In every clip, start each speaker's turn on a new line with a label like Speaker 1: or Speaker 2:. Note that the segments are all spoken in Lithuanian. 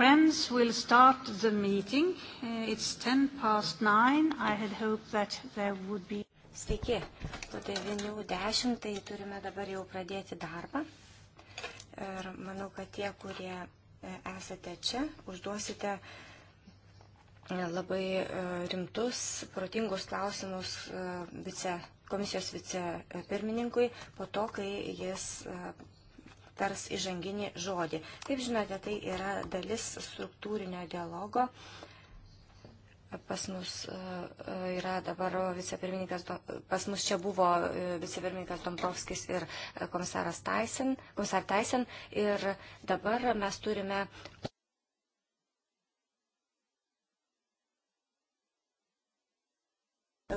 Speaker 1: friends, we'll start the meeting. Uh, it's 10 past 9. I had hoped that there would be. Sveiki, po 9.10 tai turime dabar jau pradėti darbą. Ir manau, kad tie, kurie e, esate čia, užduosite e, labai e, rimtus, protingus klausimus vice, komisijos vicepirmininkui po to, kai jis tars įžanginį žodį. Kaip žinote, tai yra dalis struktūrinio dialogo. Pas mus e, e, yra dabar vicepirmininkas, pas mus čia buvo e, vicepirmininkas Dombrovskis ir komisaras Tyson, komisar Tyson ir dabar mes turime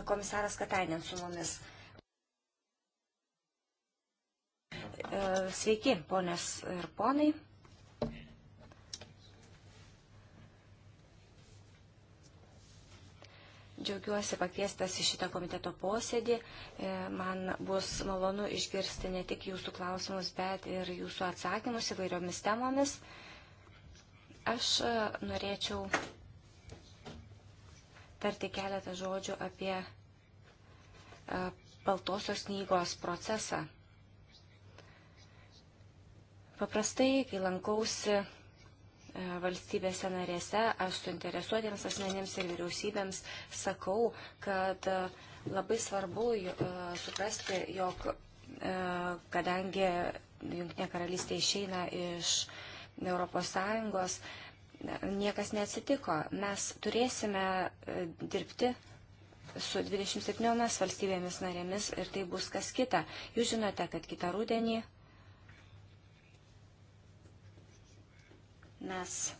Speaker 1: komisaras Katainen su mumis. E, sveiki, ponės ir ponai. Džiaugiuosi pakviestas į šitą komiteto posėdį. E, man bus malonu išgirsti ne tik jūsų klausimus, bet ir jūsų atsakymus įvairiomis temomis. Aš e, norėčiau tarti keletą žodžių apie Baltosios knygos procesą. Paprastai, kai lankausi e, valstybėse narėse, aš suinteresuotiems asmenėms ir vyriausybėms sakau, kad e, labai svarbu e, suprasti, jog kadangi Junktinė karalystė išeina iš ES, niekas neatsitiko. Mes turėsime dirbti su 27 valstybėmis narėmis ir tai bus kas kita. Jūs žinote, kad kitą rudenį mes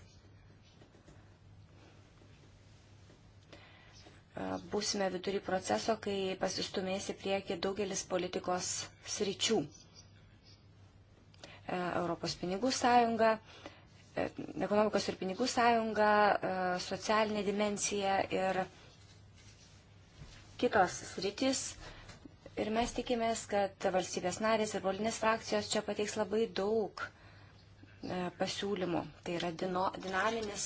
Speaker 1: e, būsime vidury proceso, kai pasistumėsi prieki daugelis politikos sričių. E, Europos pinigų sąjunga, e, ekonomikos ir pinigų sąjunga, socialinė dimensija ir kitos sritis. Ir mes tikimės, kad valstybės narės ir politinės frakcijos čia pateiks labai daug uh, E, pasiūlymų. Tai yra dino, dinaminis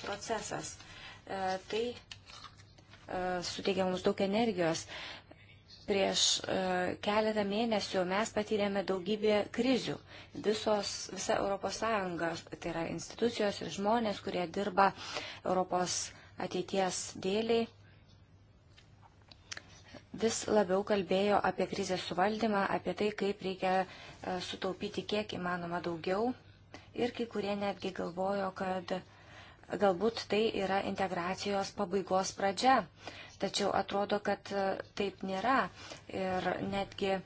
Speaker 1: procesas. E, tai e, suteikia mums daug energijos. Prieš keletą mėnesių mes patyrėme daugybę krizių. Visos, visa ES, tai yra institucijos ir žmonės, kurie dirba Europos ateities dėliai, vis labiau kalbėjo apie krizės suvaldymą, apie tai, kaip reikia sutaupyti kiek įmanoma daugiau ir kai kurie netgi galvojo, kad galbūt tai yra integracijos pabaigos pradžia. Tačiau atrodo, kad e, taip nėra ir netgi e,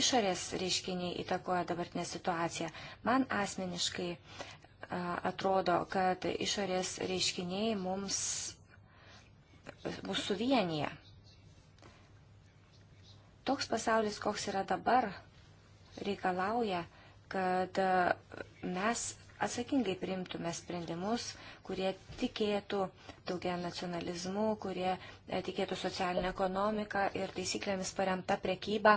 Speaker 1: išorės reiškiniai įtakoja dabartinę situaciją. Man asmeniškai atrodo, kad išorės reiškiniai mums mūsų vienyje. Toks pasaulis, koks yra dabar, reikalauja, kad e, mes atsakingai priimtume sprendimus, kurie tikėtų daugia nacionalizmu, kurie e, tikėtų socialinę ekonomiką ir taisyklėmis paremta prekyba,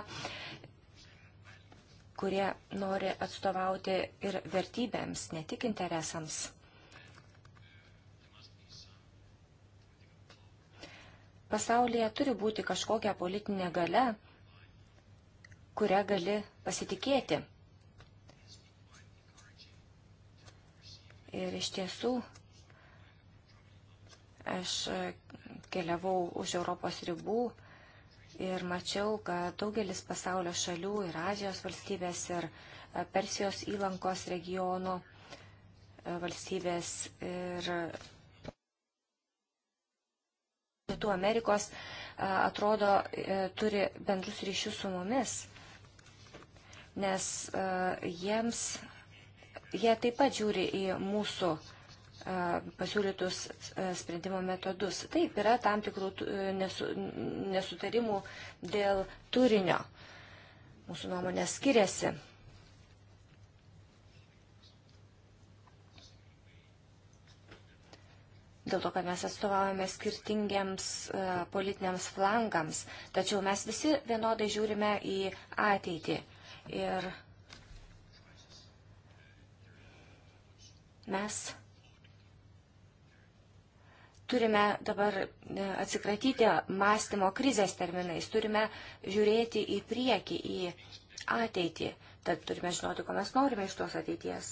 Speaker 1: kurie nori atstovauti ir vertybėms, ne tik interesams. Pasaulyje turi būti kažkokia politinė gale, kurią gali pasitikėti. Ir iš tiesų, aš e, keliavau už Europos ribų ir mačiau, kad daugelis pasaulio šalių ir Azijos valstybės ir e, Persijos įlankos regionų e, valstybės ir Pietų Amerikos atrodo turi bendrus ryšius su mumis, nes jiems jie taip pat žiūri į mūsų e, pasiūlytus e, sprendimo metodus. Taip, yra tam tikrų e, nesutarimų dėl turinio. Mūsų nuomonė skiriasi. dėl to, kad mes atstovaujame skirtingiams politiniams flangams, tačiau mes visi vienodai žiūrime į ateitį. Ir Mes turime dabar e, atsikratyti mąstymo krizės terminais, turime žiūrėti į priekį, į ateitį, tad turime žinoti, ko mes norime iš tos ateities.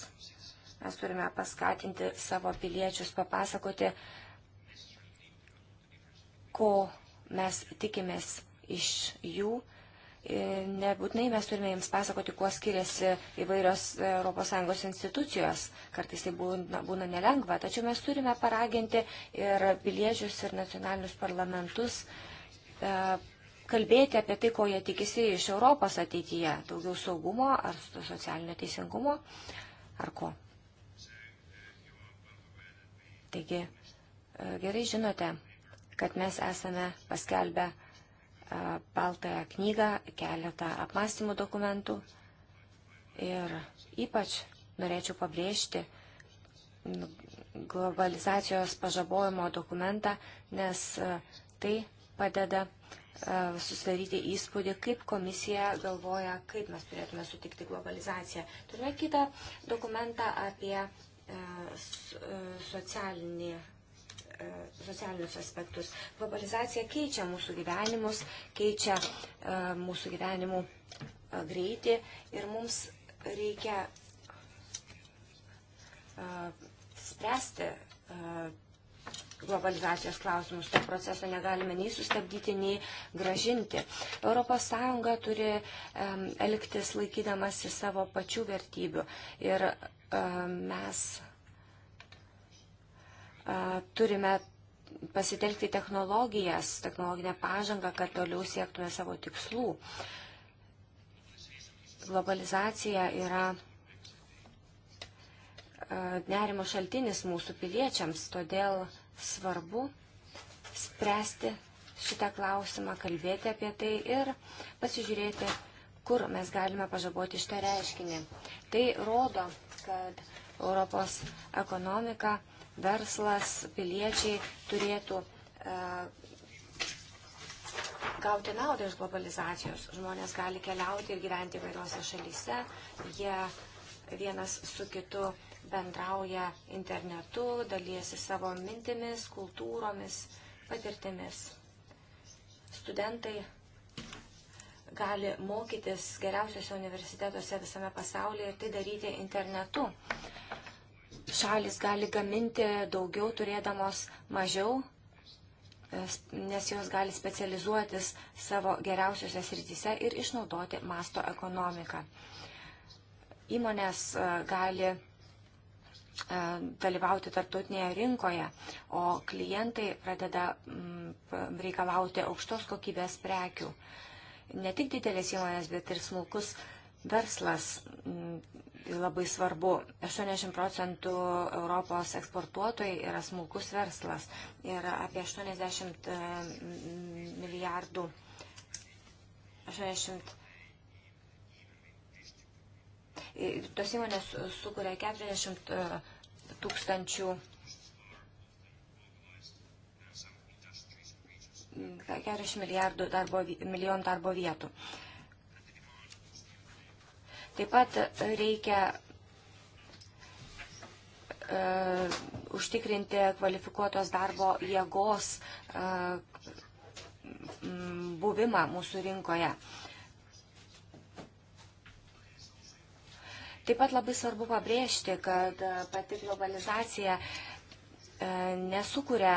Speaker 1: Mes turime paskatinti savo piliečius papasakoti, ko mes tikimės iš jų nebūtinai mes turime jiems pasakoti, kuo skiriasi įvairios ES institucijos. Kartais tai būna, būna nelengva, tačiau mes turime paraginti ir piliečius, ir nacionalinius parlamentus e, kalbėti apie tai, ko jie tikisi iš Europos ateityje. Daugiau saugumo ar socialinio teisingumo ar ko. Taigi, e, gerai žinote, kad mes esame paskelbę baltąją knygą, keletą apmąstymų dokumentų. Ir ypač norėčiau pabrėžti nu, globalizacijos pažabojimo dokumentą, nes tai padeda susidaryti įspūdį, kaip komisija galvoja, kaip mes turėtume sutikti globalizaciją. Turime kitą dokumentą apie socialinį E, socialinius aspektus. Globalizacija keičia mūsų gyvenimus, keičia e, mūsų gyvenimų e, greitį ir mums reikia spręsti globalizacijos klausimus. To proceso negalime nei sustabdyti, nei gražinti. ES turi um, elgtis laikydamasi savo pačių vertybių. Ir um, mes turime pasitelkti technologijas, technologinę pažangą, kad toliau siektume savo tikslų. Globalizacija yra nerimo šaltinis mūsų piliečiams, todėl svarbu spręsti šitą klausimą, kalbėti apie tai ir pasižiūrėti, kur mes galime pažaboti šitą reiškinį. Tai rodo, kad Europos ekonomika verslas, piliečiai turėtų e, gauti naudą iš globalizacijos. Žmonės gali keliauti ir gyventi įvairiuose šalyse, jie vienas su kitu bendrauja internetu, dalyjasi savo mintimis, kultūromis, patirtimis. Studentai gali mokytis geriausiuose universitetuose visame pasaulyje ir tai daryti internetu šalis gali gaminti daugiau turėdamos mažiau, nes jos gali specializuotis savo geriausiose srityse ir išnaudoti masto ekonomiką. Įmonės e, gali e, dalyvauti tarptautinėje rinkoje, o klientai pradeda mm, reikalauti aukštos kokybės prekių. Ne tik didelės įmonės, bet ir smulkus verslas mm, labai svarbu. 80 procentų Europos eksportuotojai yra smulkus verslas ir apie 80 e, milijardų, 80 Tos įmonės sukuria 40 e, tūkstančių 40 milijardų darbo, milijonų darbo vietų. Uh, Taip pat reikia uh, užtikrinti kvalifikuotos darbo jėgos uh, buvimą mūsų rinkoje. Taip pat labai svarbu pabrėžti, kad pati globalizacija e, nesukuria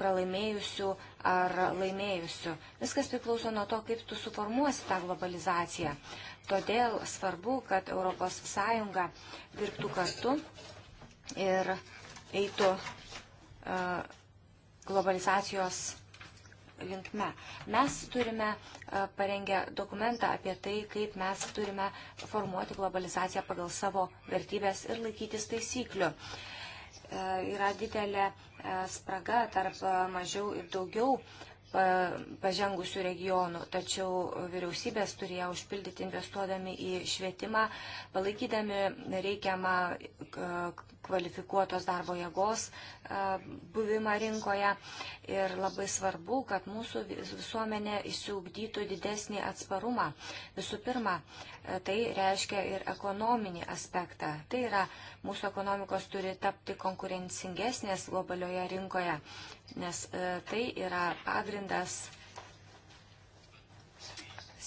Speaker 1: pralaimėjusių ar laimėjusių. Viskas priklauso nuo to, kaip tu suformuosi tą globalizaciją. Todėl svarbu, kad ES dirbtų kartu ir eitų e, globalizacijos linkme. Mes turime e, parengę dokumentą apie tai, kaip mes turime formuoti globalizaciją pagal savo vertybės ir laikytis taisyklių. E, yra didelė spraga tarp mažiau ir daugiau pažengusių regionų, tačiau vyriausybės turėjo užpildyti investuodami į švietimą, palaikydami reikiamą kvalifikuotos darbo jėgos e, buvimą rinkoje. Ir labai svarbu, kad mūsų visuomenė įsiugdytų didesnį atsparumą. Visų pirma, e, tai reiškia ir ekonominį aspektą. Tai yra, mūsų ekonomikos turi tapti konkurencingesnės globalioje rinkoje, nes e, tai yra pagrindas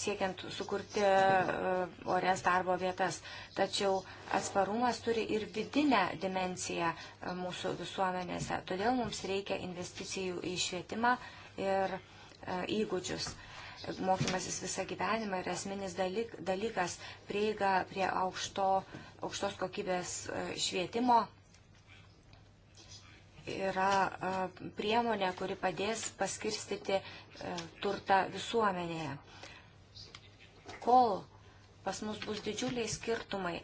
Speaker 1: siekiant sukurti e, orės darbo vietas. Tačiau atsparumas turi ir vidinę dimenciją e, mūsų visuomenėse. Todėl mums reikia investicijų į švietimą ir e, įgūdžius mokymasis visą gyvenimą yra esminis dalyk, dalykas prieiga prie aukšto, aukštos kokybės švietimo. Yra priemonė, kuri padės paskirstyti turtą visuomenėje kol pas mus bus didžiuliai skirtumai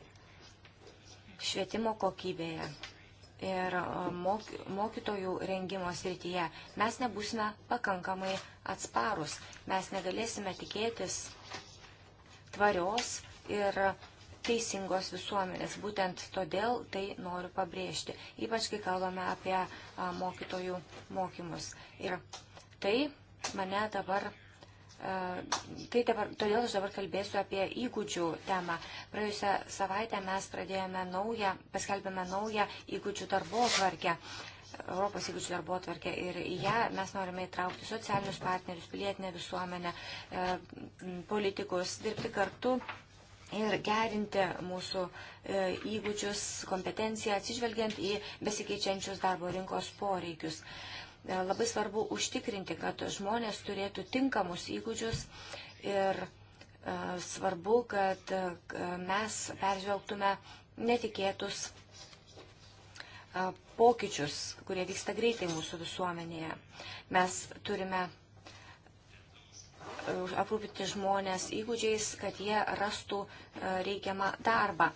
Speaker 1: švietimo kokybėje ir e, mokytojų rengimo srityje, mes nebusime pakankamai atsparus, mes negalėsime tikėtis tvarios ir teisingos visuomenės. Būtent todėl tai noriu pabrėžti, ypač kai kalbame apie mokytojų mokymus. Ir tai mane dabar Tai dabar, todėl aš dabar kalbėsiu apie įgūdžių temą. Praėjusią savaitę mes pradėjome naują, paskelbėme naują įgūdžių darbo tvarkę. Europos įgūdžių darbo tvarkė ir į ją mes norime įtraukti socialinius partnerius, pilietinę visuomenę, e, politikus, dirbti kartu ir gerinti mūsų e, įgūdžius, kompetenciją, atsižvelgiant į besikeičiančius darbo rinkos poreikius. E, labai svarbu užtikrinti, kad žmonės turėtų tinkamus įgūdžius ir e, svarbu, kad e, mes peržvelgtume netikėtus pokyčius, kurie vyksta greitai mūsų visuomenėje. Mes turime aprūpinti žmonės įgūdžiais, kad jie rastų reikiamą darbą.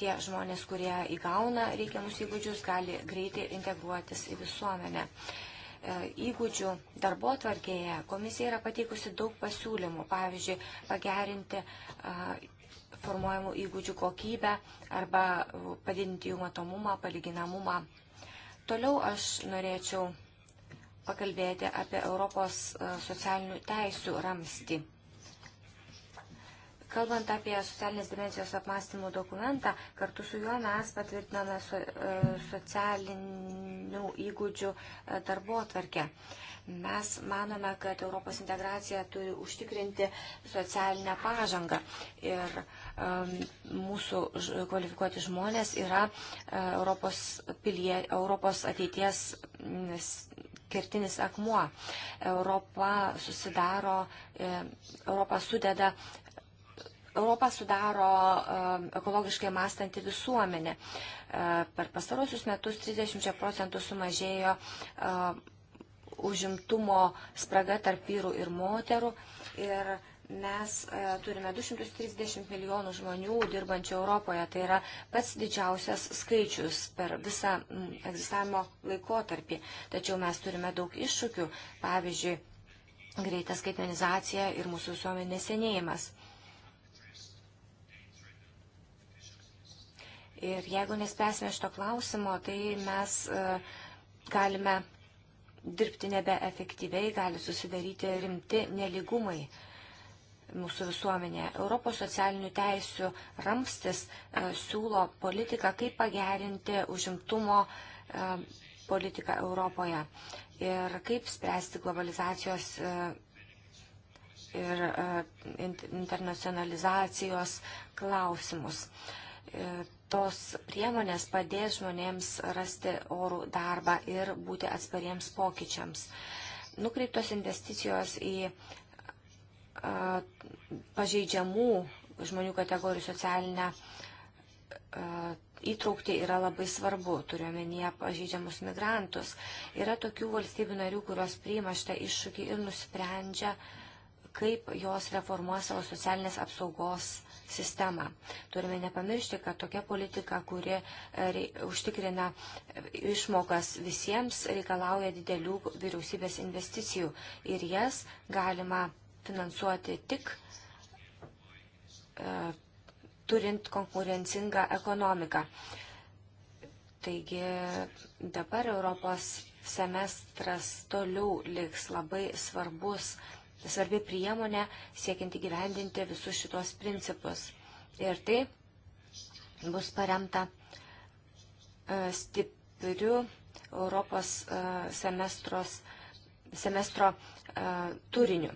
Speaker 1: Tie žmonės, kurie įgauna reikiamus įgūdžius, gali greitai integruotis į visuomenę. E, įgūdžių darbo tvarkėje komisija yra pateikusi daug pasiūlymų, pavyzdžiui, pagerinti e, formuojamų įgūdžių kokybę arba padidinti jų matomumą, palyginamumą. Toliau aš norėčiau pakalbėti apie Europos e, socialinių teisių ramstį. Kalbant apie socialinės dimensijos apmąstymų dokumentą, kartu su juo mes patvirtiname so, e, socialinių įgūdžių e, darbo atvarkę. Mes manome, kad Europos integracija turi užtikrinti socialinę pažangą ir um, mūsų kvalifikuoti žmonės yra e, Europos, pilie, Europos ateities kertinis akmuo. Europa susidaro, Europa sudeda Europą sudaro um, ekologiškai mąstanti visuomenė. Uh, per pastarosius metus 30 procentų sumažėjo uh, užimtumo spraga tarp vyrų ir moterų. Ir mes uh, turime 230 milijonų žmonių dirbančių Europoje. Tai yra pats didžiausias skaičius per visą mm, egzistavimo laikotarpį. Tačiau mes turime daug iššūkių. Pavyzdžiui, greita skaitmenizacija ir mūsų visuomenės senėjimas. Ir jeigu nespręsime šito klausimo, tai mes e, galime dirbti nebeefektyviai, gali susidaryti rimti neligumai mūsų visuomenėje. Europos socialinių teisių ramstis e, siūlo politiką, kaip pagerinti užimtumo e, politiką Europoje ir kaip spręsti globalizacijos ir internacionalizacijos klausimus tos priemonės padės žmonėms rasti orų darbą ir būti atspariems pokyčiams. Nukreiptos investicijos į a, pažeidžiamų žmonių kategorijų socialinę a, įtraukti yra labai svarbu, turiuomenyje pažeidžiamus migrantus. Yra tokių valstybių narių, kurios priima šitą iššūkį ir nusprendžia, kaip jos reformuos savo socialinės apsaugos sistemą. Turime nepamiršti, kad tokia politika, kuri e, užtikrina išmokas visiems, reikalauja didelių vyriausybės investicijų ir jas galima finansuoti tik e, turint konkurencingą ekonomiką. Taigi dabar Europos semestras toliau liks labai svarbus svarbi priemonė siekiant įgyvendinti visus šitos principus. Ir tai bus paremta e, stipriu Europos e, semestros, semestro e, turiniu.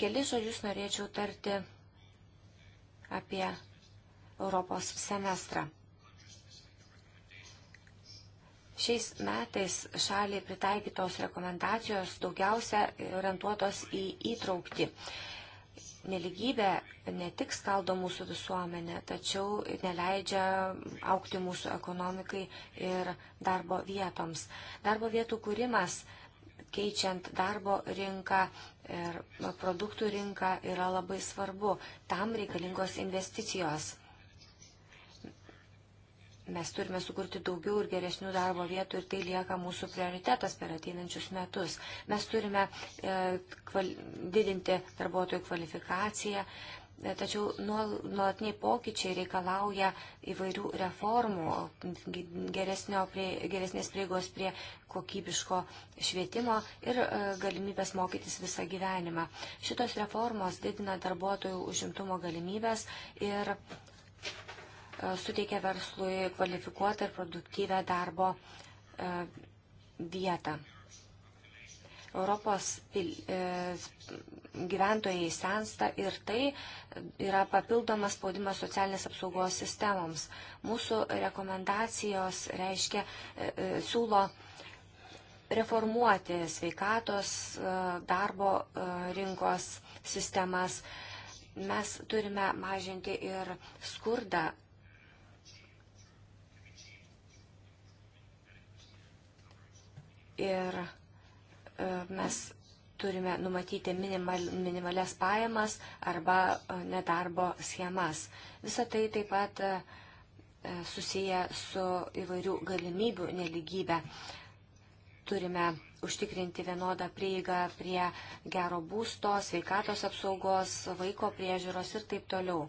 Speaker 1: Keli žodžius norėčiau tarti apie Europos semestrą. Šiais metais šaliai pritaikytos rekomendacijos daugiausia orientuotos į įtraukti. Neligybė ne tik skaldo mūsų visuomenę, tačiau neleidžia aukti mūsų ekonomikai ir darbo vietoms. Darbo vietų kūrimas keičiant darbo rinką ir produktų rinką yra labai svarbu. Tam reikalingos investicijos. Mes turime sukurti daugiau ir geresnių darbo vietų ir tai lieka mūsų prioritetas per ateinančius metus. Mes turime e, didinti darbuotojų kvalifikaciją, e, Tačiau nuolatiniai pokyčiai reikalauja įvairių reformų, prie, geresnės prieigos prie kokybiško švietimo ir e, galimybės mokytis visą gyvenimą. Šitos reformos didina darbuotojų užimtumo galimybės ir E, suteikia verslui kvalifikuotą ir produktyvę darbo e, vietą. Europos pil, e, gyventojai sensta ir tai yra papildomas spaudimas socialinės apsaugos sistemoms. Mūsų rekomendacijos reiškia, e, e, siūlo reformuoti sveikatos e, darbo e, rinkos sistemas. Mes turime mažinti ir skurdą ir e, mes turime numatyti minimal, minimales pajamas arba e, nedarbo schemas. Visą tai taip pat e, susiję su įvairių galimybių neligybė. Turime užtikrinti vienodą prieigą prie gero būsto, sveikatos apsaugos, vaiko priežiūros ir taip toliau.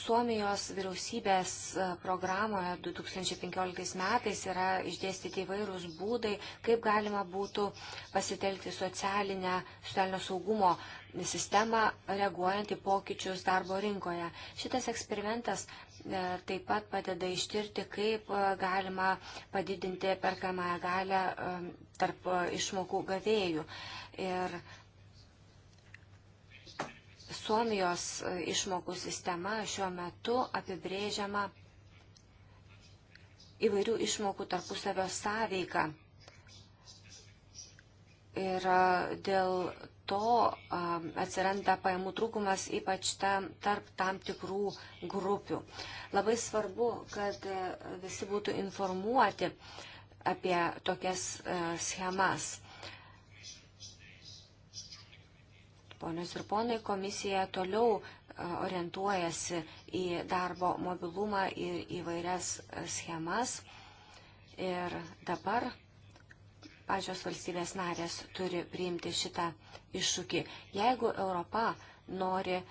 Speaker 1: Suomijos vyriausybės e, programoje 2015 metais yra išdėstyti įvairūs būdai, kaip galima būtų pasitelkti socialinę, socialinio saugumo sistemą, reaguojant į pokyčius darbo rinkoje. Šitas eksperimentas e, taip pat padeda ištirti, kaip e, galima padidinti perkamąją galę tarp išmokų gavėjų. Ir Suomijos e, išmokų sistema šiuo metu apibrėžiama įvairių išmokų tarpusavio sąveika. Ir e, dėl to e, atsiranda pajamų trūkumas ypač tam, tarp tam tikrų grupių. Labai svarbu, kad visi būtų informuoti apie tokias schemas. Ponios ir ponai, komisija toliau e, orientuojasi į darbo mobilumą ir įvairias e, schemas. Ir dabar pačios valstybės narės turi priimti šitą iššūkį. Jeigu Europa nori e,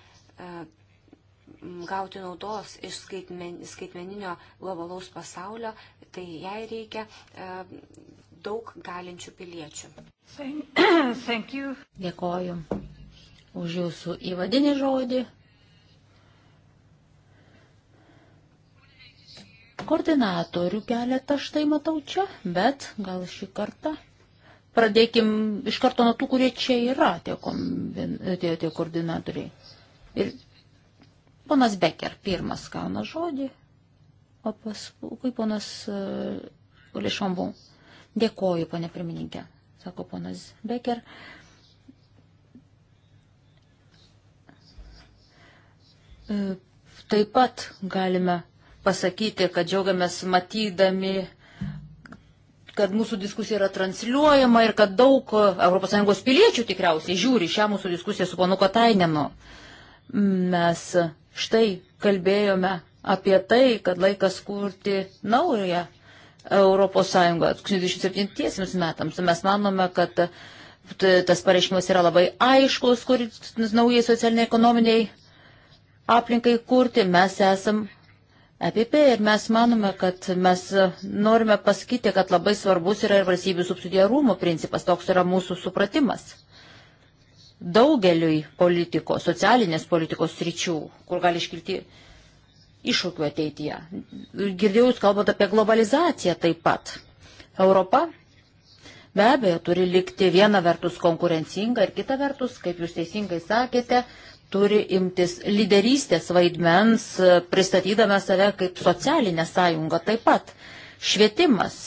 Speaker 1: gauti naudos iš skaitmeninio globalaus pasaulio, tai jai reikia daug galinčių piliečių.
Speaker 2: Thank you. Dėkoju už jūsų įvadinį žodį. Koordinatorių keletą štai matau čia, bet gal šį kartą. Pradėkim iš karto nuo tų, kurie čia yra, tie, kombin, tie, tie koordinatoriai. Ir ponas Becker pirmas gauna žodį, o paskui ponas uh, e, Lešambu. Dėkoju, ponė pirmininkė, sako ponas Becker. Uh, E, taip pat galime pasakyti, kad džiaugiamės matydami, kad mūsų diskusija yra transliuojama ir kad daug ES piliečių tikriausiai žiūri šią mūsų diskusiją su ponu Katainenu. Mes štai kalbėjome apie tai, kad laikas kurti naują ES 27 metams. Mes manome, kad tas pareiškimas yra labai aiškus, kuris naujai socialiniai ekonominiai aplinkai kurti, mes esam EPP ir mes manome, kad mes norime pasakyti, kad labai svarbus yra ir valstybių subsidiarumo principas, toks yra mūsų supratimas. Daugeliui politikos, socialinės politikos sričių, kur gali iškilti iššūkių ateityje. Girdėjau, jūs kalbate apie globalizaciją taip pat. Europa be abejo turi likti viena vertus konkurencinga ir kita vertus, kaip jūs teisingai sakėte, turi imtis lyderystės vaidmens, e, pristatydama save kaip socialinę sąjungą taip pat. Švietimas,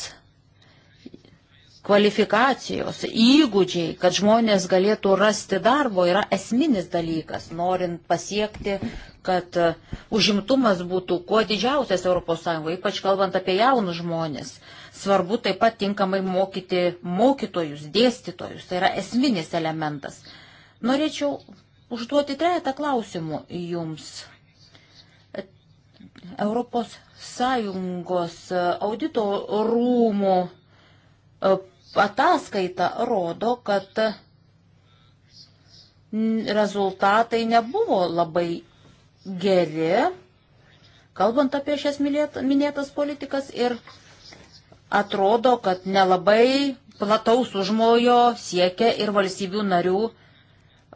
Speaker 2: kvalifikacijos, įgūdžiai, kad žmonės galėtų rasti darbo, yra esminis dalykas, norint pasiekti, kad e, užimtumas būtų kuo didžiausias ES, ypač kalbant apie jaunus žmonės. Svarbu taip pat tinkamai mokyti mokytojus, dėstytojus, tai yra esminis elementas. Norėčiau užduoti trejata klausimų jums. Europos Sąjungos audito rūmų e, ataskaita rodo, kad rezultatai nebuvo labai geri, kalbant apie šias minėtas politikas ir atrodo, kad nelabai plataus užmojo siekia ir valstybių narių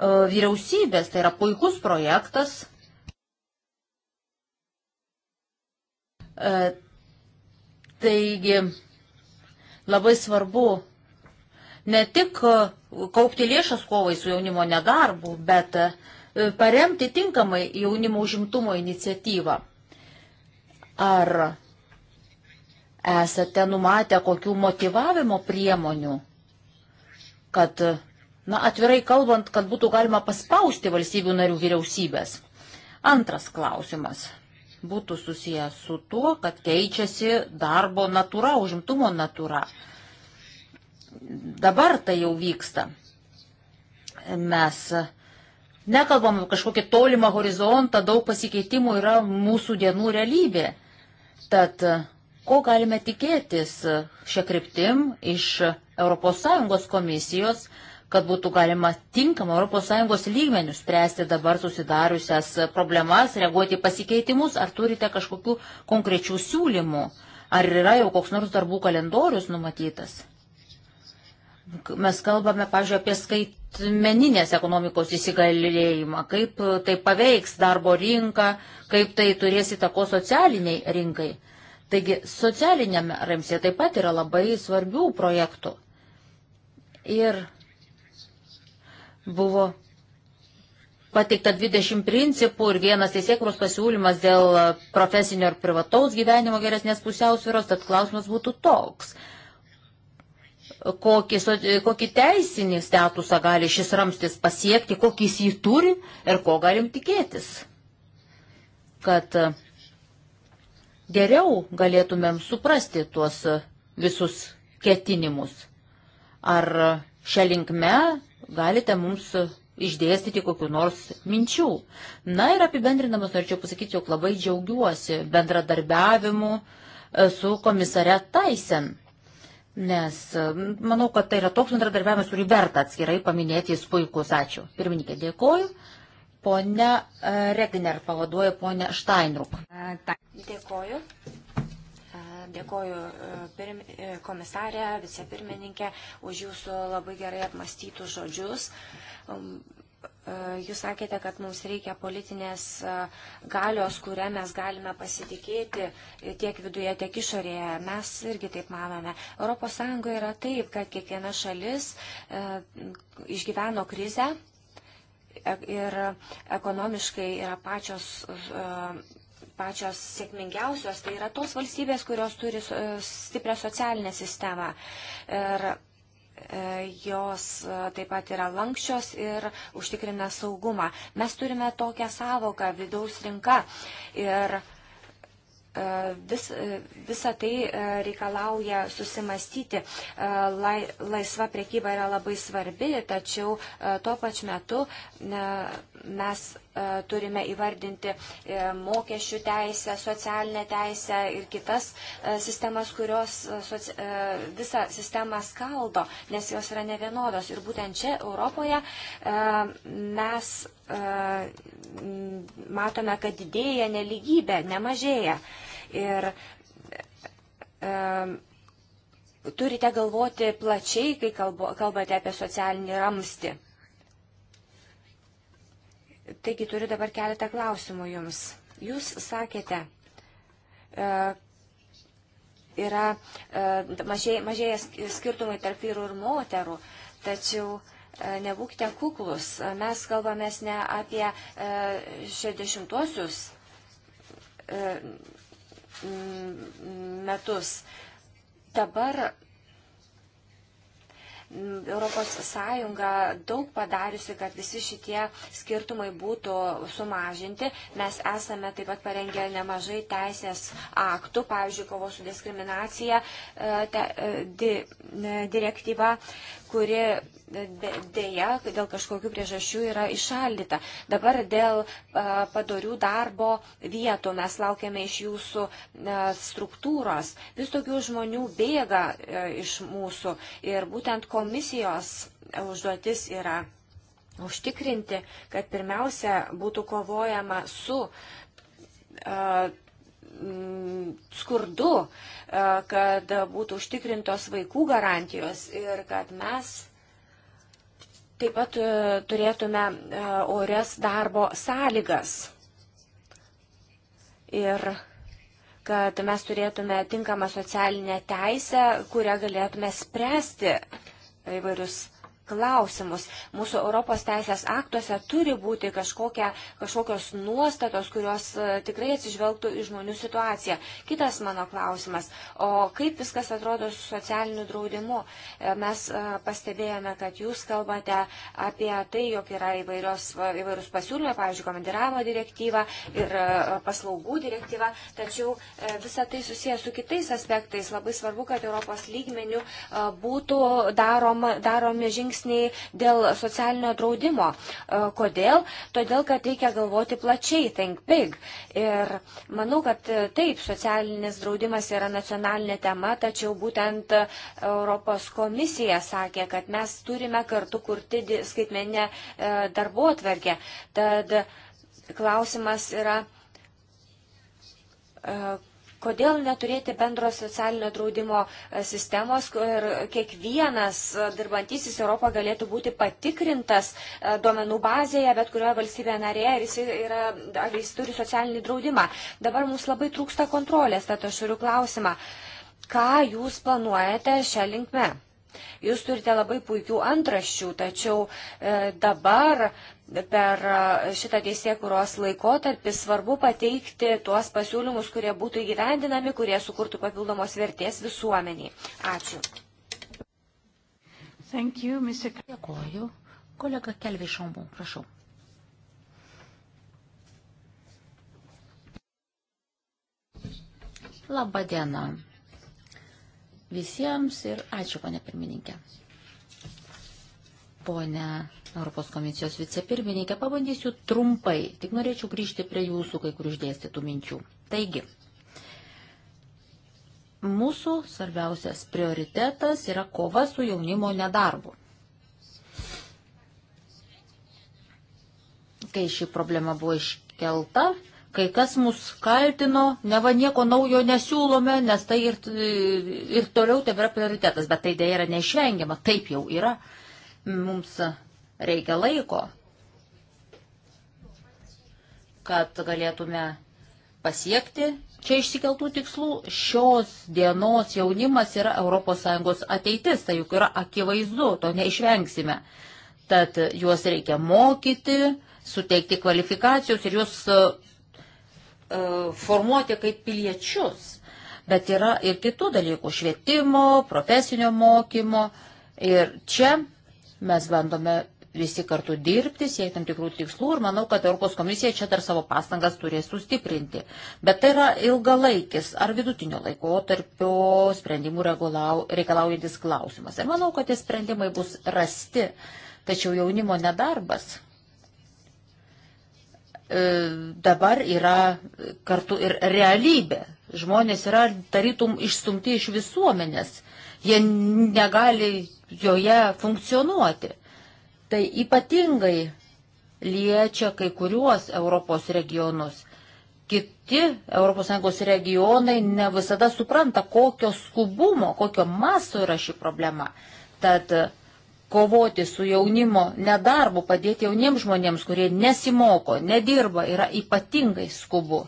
Speaker 2: E, vyriausybės. Tai yra puikus projektas. E, taigi labai svarbu ne tik kaupti lėšas kovai su jaunimo nedarbu, bet e, paremti tinkamai jaunimo užimtumo iniciatyvą. Ar esate numatę kokių motivavimo priemonių, kad na, atvirai kalbant, kad būtų galima paspausti valstybių narių vyriausybės. Antras klausimas būtų susijęs su tuo, kad keičiasi darbo natūra, užimtumo natūra. Dabar tai jau vyksta. Mes nekalbam kažkokį tolimą horizontą, daug pasikeitimų yra mūsų dienų realybė. Tad ko galime tikėtis šią kryptim iš ES komisijos, kad būtų galima tinkamą ES lygmenių spręsti dabar susidariusias problemas, reaguoti pasikeitimus, ar turite kažkokių konkrečių siūlymų, ar yra jau koks nors darbų kalendorius numatytas. Mes kalbame, pažiūrėjau, apie skaitmeninės ekonomikos įsigalėjimą, kaip tai paveiks darbo rinką, kaip tai turės įtako socialiniai rinkai. Taigi socialinėme ramsė taip pat yra labai svarbių projektų. Ir Buvo pateikta 20 principų ir vienas teisėkros pasiūlymas dėl profesinio ir privataus gyvenimo geresnės pusiausvėros, tad klausimas būtų toks. Kokį, kokį teisinį statusą gali šis ramstis pasiekti, kokį jis jį turi ir ko galim tikėtis. Kad geriau galėtumėm suprasti tuos visus ketinimus. Ar šią linkme galite mums išdėstyti kokiu nors minčių. Na ir apibendrinamas norėčiau pasakyti, jog labai džiaugiuosi bendradarbiavimu e, su komisare Taisen. Nes e, manau, kad tai yra toks bendradarbiavimas, kurį verta atskirai paminėti, jis puikus. Ačiū. Pirmininkė, dėkoju. Pone e, Regner pavaduoja ponę Steinruk.
Speaker 1: Dėkoju. Dėkoju e, e, komisarė, vicepirmininkė, už jūsų labai gerai apmastytus žodžius. Um, e, jūs sakėte, kad mums reikia politinės galios, kurią mes galime pasitikėti tiek viduje, tiek išorėje. Mes irgi taip manome. ES yra taip, kad kiekviena šalis išgyveno krizę ir ekonomiškai yra pačios pačios sėkmingiausios, tai yra tos valstybės, kurios turi stiprią socialinę sistemą. Ir e, jos e, taip pat yra lankščios ir užtikrina saugumą. Mes turime tokią savoką vidaus rinka ir e, vis, visa tai reikalauja susimastyti. Lai, laisva priekyba yra labai svarbi, tačiau tuo pačiu metu mes E, turime įvardinti e, mokesčių teisę, socialinę teisę ir kitas e, sistemas, kurios visą sistemą skaldo, nes jos yra nevienodos. Ir būtent čia Europoje mes matome, kad didėja neligybė, nemažėja. Ir turite galvoti plačiai, kai kalbate apie socialinį ramstį. Taigi turiu dabar keletą klausimų jums. Jūs sakėte, e, yra e, mažėjęs skirtumai tarp vyrų ir moterų, tačiau e, nebūkite kuklus. Mes kalbame ne apie 60-osius metus. Dabar ES daug padariusi, kad visi šitie skirtumai būtų sumažinti. Mes esame taip pat parengę nemažai teisės aktų, pavyzdžiui, kovos su diskriminacija e, te, e, di, e, direktyva, kuri dėja dėl kažkokių priežasčių yra išaldyta. Dabar dėl padorių darbo vietų mes laukiame iš jūsų struktūros. Vis tokių žmonių bėga iš mūsų ir būtent komisijos užduotis yra užtikrinti, kad pirmiausia būtų kovojama su skurdu, kad būtų užtikrintos vaikų garantijos ir kad mes Taip pat e, turėtume e, ores darbo sąlygas ir kad mes turėtume tinkamą socialinę teisę, kurią galėtume spręsti įvairius klausimus. Mūsų Europos teisės aktuose turi būti kažkokia, kažkokios nuostatos, kurios e, tikrai atsižvelgtų į žmonių situaciją. Kitas mano klausimas, o kaip viskas atrodo su socialiniu draudimu? E, mes e, pastebėjome, kad jūs kalbate apie tai, jog yra įvairios, įvairius pasiūlymai, pavyzdžiui, komandiravimo direktyva ir paslaugų direktyva, tačiau visa tai susijęs su kitais aspektais. Labai svarbu, kad Europos lygmenių būtų daroma, daromi žingsniai žingsniai dėl socialinio draudimo. E, kodėl? Todėl, kad reikia galvoti plačiai, think big. Ir manau, kad e, taip, socialinis draudimas yra nacionalinė tema, tačiau būtent Europos komisija sakė, kad mes turime kartu kurti skaitmenę e, darbo atverkę. Tad klausimas yra Kodėl neturėti bendro socialinio draudimo e, sistemos, kur kiekvienas e, dirbantysis Europą galėtų būti patikrintas e, duomenų bazėje, bet kurioje valstybėje narėje, ar jis, yra, ar jis turi socialinį draudimą. Dabar mums labai trūksta kontrolės, tad aš turiu klausimą. Ką jūs planuojate šią linkmę? Jūs turite labai puikių antraščių, tačiau e, dabar per e, šitą teisėkuros laikotarpį svarbu pateikti tuos pasiūlymus, kurie būtų įgyvendinami, kurie sukurtų papildomos vertės visuomeniai. Ačiū.
Speaker 2: Thank you, Mr. Dėkoju. Kolega Kelvi Šambų, prašau. Labą dieną visiems ir ačiū, ponė pirmininkė. Pone Europos komisijos vicepirmininkė, pabandysiu trumpai, tik norėčiau grįžti prie jūsų kai kur išdėstytų minčių. Taigi, mūsų svarbiausias prioritetas yra kova su jaunimo nedarbu. Kai ši problema buvo iškelta, Kai kas mus kaltino, neva nieko naujo nesiūlome, nes tai ir, ir toliau tai yra prioritetas, bet tai dėja yra neišvengiama, taip jau yra. Mums reikia laiko, kad galėtume pasiekti čia išsikeltų tikslų. Šios dienos jaunimas yra ES ateitis, tai juk yra akivaizdu, to neišvengsime. Tad juos reikia mokyti, suteikti kvalifikacijos ir juos E, formuoti kaip piliečius, bet yra ir kitų dalykų - švietimo, profesinio mokymo. Ir čia mes bandome visi kartu dirbti, siekti tam tikrų tikslų ir manau, kad Europos komisija čia dar savo pastangas turės sustiprinti. Bet tai yra ilgalaikis ar vidutinio laiko tarpio sprendimų regulau, reikalaujantis klausimas. Ir manau, kad tie sprendimai bus rasti. Tačiau jaunimo nedarbas E, dabar yra kartu ir realybė. Žmonės yra tarytum išstumti iš visuomenės. Jie negali joje funkcionuoti. Tai ypatingai liečia kai kuriuos Europos regionus. Kiti ES regionai ne visada supranta, kokio skubumo, kokio masto yra ši problema. Tad kovoti su jaunimo nedarbu, padėti jauniems žmonėms, kurie nesimoko, nedirba, yra ypatingai skubu.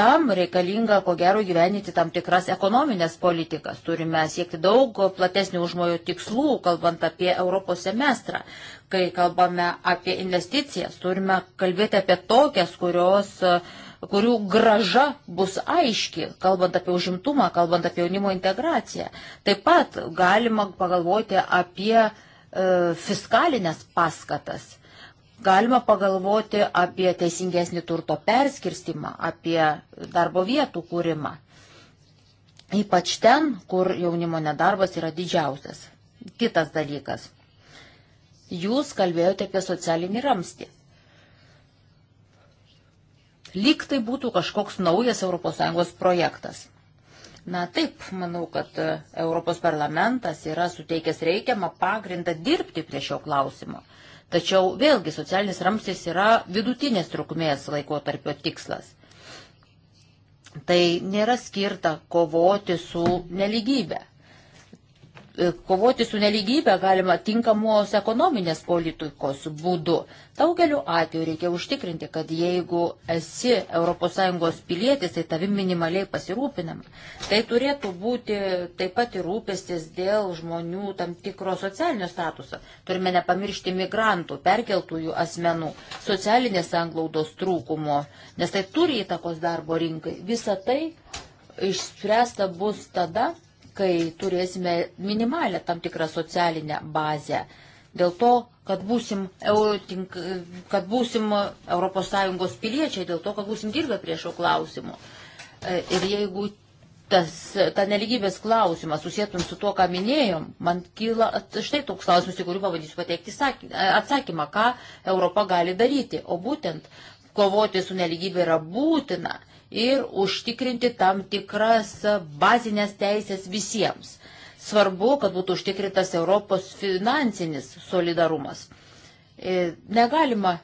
Speaker 2: Tam reikalinga, ko gero, gyveninti tam tikras ekonominės politikas. Turime siekti daug platesnių užmojo tikslų, kalbant apie Europos semestrą. Kai kalbame apie investicijas, turime kalbėti apie tokias, kurios kurių graža bus aiški, kalbant apie užimtumą, kalbant apie jaunimo integraciją. Taip pat galima pagalvoti apie uh, E, fiskalinės paskatas. Galima pagalvoti apie teisingesnį turto perskirstimą, apie darbo vietų kūrimą. Ypač ten, kur jaunimo nedarbas yra didžiausias. Kitas dalykas. Jūs kalbėjote apie socialinį ramstį. Lyg tai būtų kažkoks naujas ES projektas. Na taip, manau, kad e, Europos parlamentas yra suteikęs reikiamą pagrindą dirbti prie šio klausimo. Tačiau vėlgi socialinis ramstis yra vidutinės trukmės laikotarpio tikslas. Tai nėra skirta kovoti su neligybė kovoti su neligybė galima tinkamos ekonominės politikos būdu. Daugeliu atveju reikia užtikrinti, kad jeigu esi ES pilietis, tai tavim minimaliai pasirūpinam. Tai turėtų būti taip pat ir rūpestis dėl žmonių tam tikro socialinio statuso. Turime nepamiršti migrantų, perkeltųjų asmenų, socialinės anglaudos trūkumo, nes tai turi įtakos darbo rinkai. Visa tai išspręsta bus tada, kai turėsime minimalę tam tikrą socialinę bazę. Dėl to, kad būsim, kad būsim ES piliečiai, dėl to, kad būsim dirbę prie šio klausimų. E, ir jeigu tas, ta neligybės klausimas susietum su tuo, ką minėjom, man kyla štai toks klausimas, į kurį pavadysiu pateikti e, atsakymą, ką Europa gali daryti. O būtent kovoti su neligybė yra būtina ir užtikrinti tam tikras bazinės teisės visiems. Svarbu, kad būtų užtikrintas Europos finansinis solidarumas. E, negalima,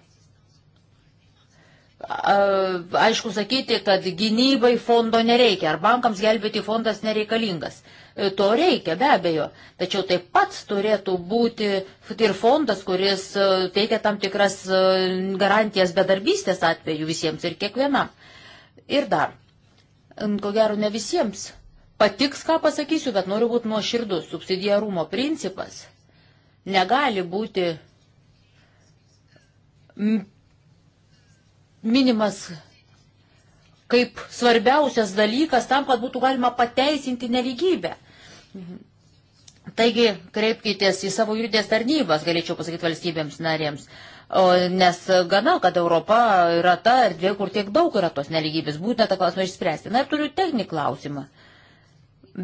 Speaker 2: aišku, sakyti, kad gynybai fondo nereikia ar bankams gelbėti fondas nereikalingas. E, to reikia, be abejo. Tačiau taip pat turėtų būti ir fondas, kuris e, teikia tam tikras garantijas bedarbystės atveju visiems ir kiekvienam. Ir dar, ko gero ne visiems patiks, ką pasakysiu, bet noriu būti nuoširdus. Subsidiarumo principas negali būti minimas kaip svarbiausias dalykas tam, kad būtų galima pateisinti neligybę. Taigi kreipkitės į savo juridės tarnybas, galėčiau pasakyti valstybėms narėms nes gana, kad Europa yra ta erdvė, kur tiek daug yra tos neligybės, būtina tą klausimą išspręsti. Na ir turiu techninį klausimą.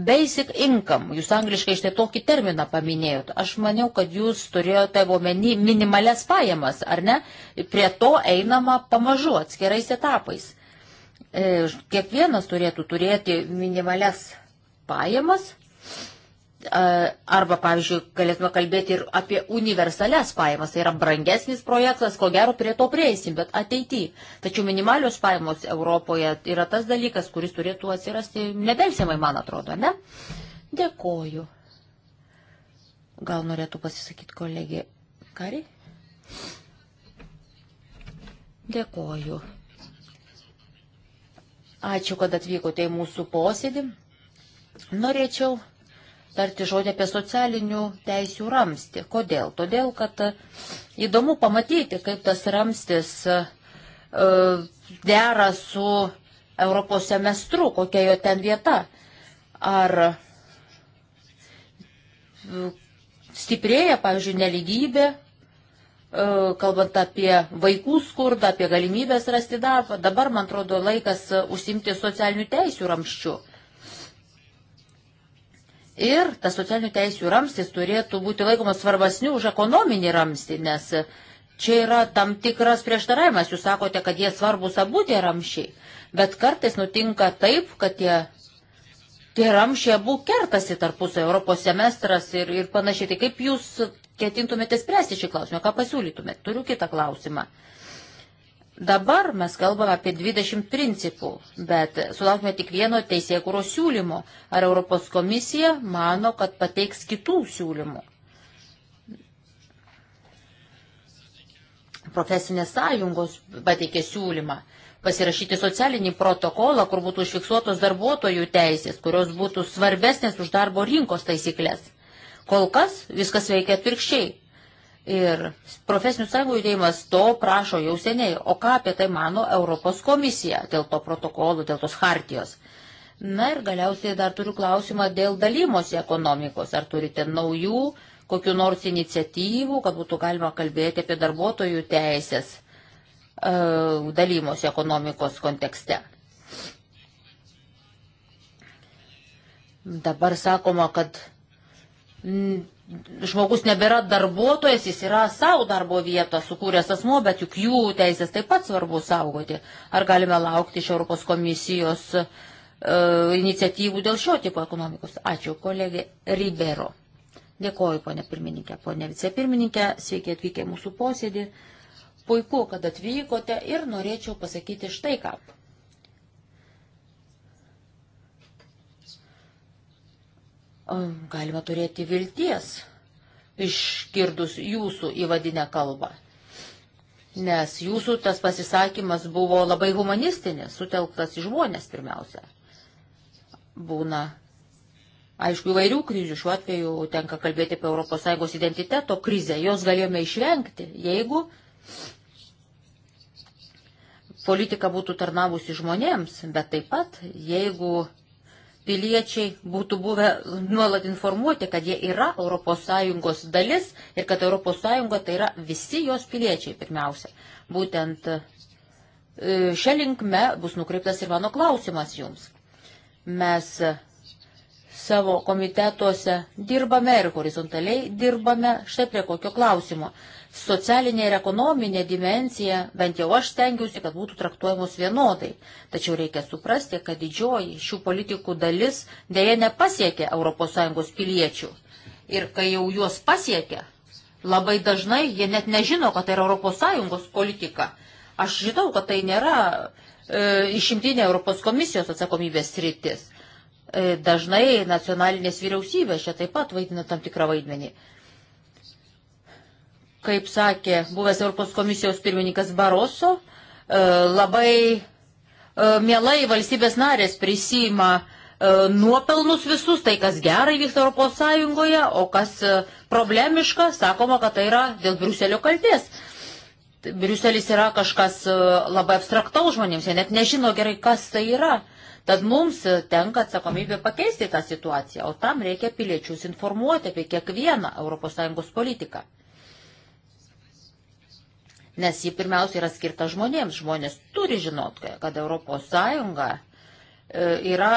Speaker 2: Basic income, jūs angliškai štai tokį terminą paminėjot. Aš maniau, kad jūs turėjote omeny minimales pajamas, ar ne? Prie to einama pamažu atskirais etapais. E, kiekvienas turėtų turėti minimales pajamas. Arba, pavyzdžiui, galėtume kalbėti ir apie universalias pajamas. Tai yra brangesnis projektas, ko gero prie to prieisim, bet ateityje. Tačiau minimalios pajamos Europoje yra tas dalykas, kuris turėtų atsirasti nedelsiamai, man atrodo, ne? Dėkoju. Gal norėtų pasisakyti kolegė Kari? Dėkoju. Ačiū, kad atvykote į mūsų posėdį. Norėčiau tarti žodį apie socialinių teisių ramstį. Kodėl? Todėl, kad e, įdomu pamatyti, kaip tas ramstis e, e, dera su Europos semestru, kokia jo ten vieta. Ar stiprėja, pavyzdžiui, neligybė, kalbant apie vaikų skurdą, apie galimybės rasti darbą. Dabar, man atrodo, laikas užsimti socialinių teisių ramščių. Ir tas socialinių teisų ramstis turėtų būti laikomas svarbesnių už ekonominį ramstį, nes čia yra tam tikras prieštaravimas. Jūs sakote, kad jie svarbus abu tie ramšiai, bet kartais nutinka taip, kad tie, tie ramšiai abu kertasi tarpusą Europos semestras ir, ir panašiai. Tai kaip jūs ketintumėte spręsti šį klausimą, ką pasiūlytumėte? Turiu kitą klausimą. Uh, Dabar mes kalbame apie 20 principų, bet sulaukime tik vieno teisėkūros siūlymo. Ar Europos komisija mano, kad pateiks kitų siūlymų? Profesinės sąjungos pateikė siūlymą pasirašyti socialinį protokolą, kur būtų užfiksuotos darbuotojų teisės, kurios būtų svarbesnės už darbo rinkos taisyklės. Kol kas viskas veikia atvirkščiai. Ir profesinių sąjungų judėjimas to prašo jau seniai. O ką apie tai mano Europos komisija dėl to protokolų, dėl tos hartijos? Na ir galiausiai dar turiu klausimą dėl dalymosi ekonomikos. Ar turite naujų kokiu nors iniciatyvų, kad būtų galima kalbėti apie darbuotojų teisės e, dalymosi ekonomikos kontekste? Dabar sakoma, kad žmogus nebėra darbuotojas, jis yra savo darbo vietą sukūręs asmo, bet juk jų teisės taip pat svarbu saugoti. Ar galime laukti iš Europos komisijos e, iniciatyvų dėl šio tipo ekonomikos? Ačiū, kolegė Ribero. Dėkoju, ponė pirmininkė, ponė vicepirmininkė, sveiki atvykę mūsų posėdį. Puiku, kad atvykote ir norėčiau pasakyti štai ką. galima turėti vilties išgirdus jūsų įvadinę kalbą. Nes jūsų tas pasisakymas buvo labai humanistinis, sutelktas į žmonės pirmiausia. Būna, aišku, įvairių krizių, šiuo atveju tenka kalbėti apie ES identiteto krizę, jos galėjome išvengti, jeigu politika būtų tarnavusi žmonėms, bet taip pat, jeigu piliečiai būtų buvę nuolat informuoti, kad jie yra ES dalis ir kad ES tai yra visi jos piliečiai pirmiausia. Būtent e, šią linkme bus nukreiptas ir mano klausimas jums. Mes savo komitetuose dirbame ir horizontaliai dirbame štai prie kokio klausimo. Socialinė ir ekonominė dimencija, bent jau aš stengiuosi, kad būtų traktuojamos vienodai. Tačiau reikia suprasti, kad didžioji šių politikų dalis dėja nepasiekia ES piliečių. Ir kai jau juos pasiekia, labai dažnai jie net nežino, kad tai yra ES politika. Aš žinau, kad tai nėra e, išimtinė Europos komisijos atsakomybės rytis. E, dažnai nacionalinės vyriausybės čia taip pat vaidina tam tikrą vaidmenį. Kaip sakė buvęs Europos komisijos pirmininkas Baroso, e, labai e, mielai valstybės narės prisima nuopelnus visus, tai kas gerai vyksta Europos Sąjungoje, o kas problemiška, sakoma, kad tai yra dėl Bruselio kalties. Briuselis yra kažkas e, labai abstraktaus žmonėms, jie net nežino gerai, kas tai yra. Tad mums e, tenka atsakomybė pakeisti tą situaciją, o tam reikia piliečius informuoti apie kiekvieną ES politiką. Nes ji pirmiausia yra skirta žmonėms. Žmonės turi žinot, kad ES e, yra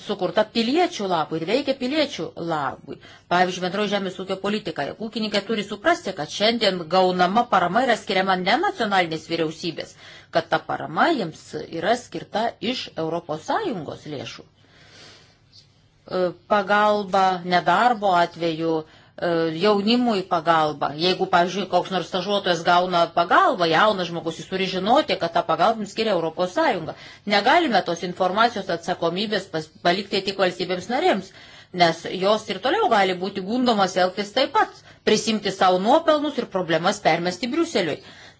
Speaker 2: sukurta piliečių labui ir veikia piliečių labui. Pavyzdžiui, bendroji žemės ūkio politika. Ūkininkai turi suprasti, kad šiandien gaunama parama yra skiriama ne nacionalinės vyriausybės, kad ta parama jiems yra skirta iš ES lėšų. E, pagalba nedarbo atveju E, jaunimui pagalbą. Jeigu, pavyzdžiui, koks nors stažuotojas gauna pagalbą, jaunas žmogus, jis turi žinoti, kad tą pagalbą jums skiria Europos Sąjunga. Negalime tos informacijos atsakomybės palikti tik valstybėms narėms, nes jos ir toliau gali būti gundomas elgtis taip pat, prisimti savo nuopelnus ir problemas permesti Briuseliui.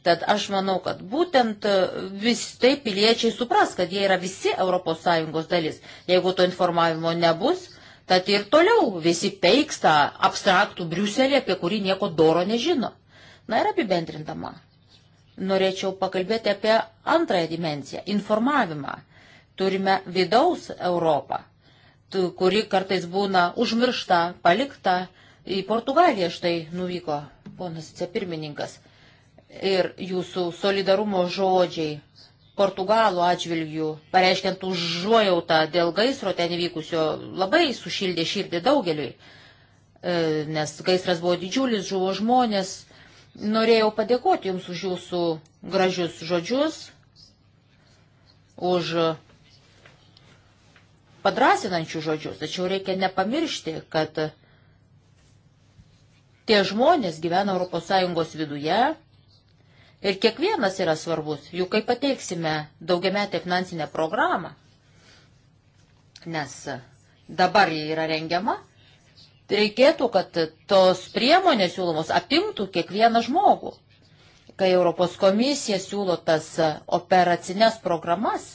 Speaker 2: Tad aš manau, kad būtent e, vis tai piliečiai supras, kad jie yra visi ES dalis. Jeigu to informavimo nebus, Tad ir toliau visi peiksta abstraktų Briuselį, apie kurį nieko doro nežino. Na ir apibendrindama. Norėčiau pakalbėti apie antrąją dimenciją - informavimą. Turime vidaus Europą, kuri kartais būna užmiršta, palikta. Į Portugaliją štai nuvyko ponas vicepirmininkas. Ir jūsų solidarumo žodžiai Portugalų atžvilgių, pareiškiant užuojautą dėl gaisro ten įvykusio, labai sušildė širdį daugeliui, e, nes gaisras buvo didžiulis, žuvo žmonės. Norėjau padėkoti Jums už Jūsų gražius žodžius, už padrasinančių žodžius, tačiau reikia nepamiršti, kad tie žmonės gyvena ES viduje, Ir kiekvienas yra svarbus, juk kai pateiksime daugiametę finansinę programą, nes dabar jį yra rengiama, tai reikėtų, kad tos priemonės siūlomos apimtų kiekvieną žmogų. Kai Europos komisija siūlo tas operacinės programas,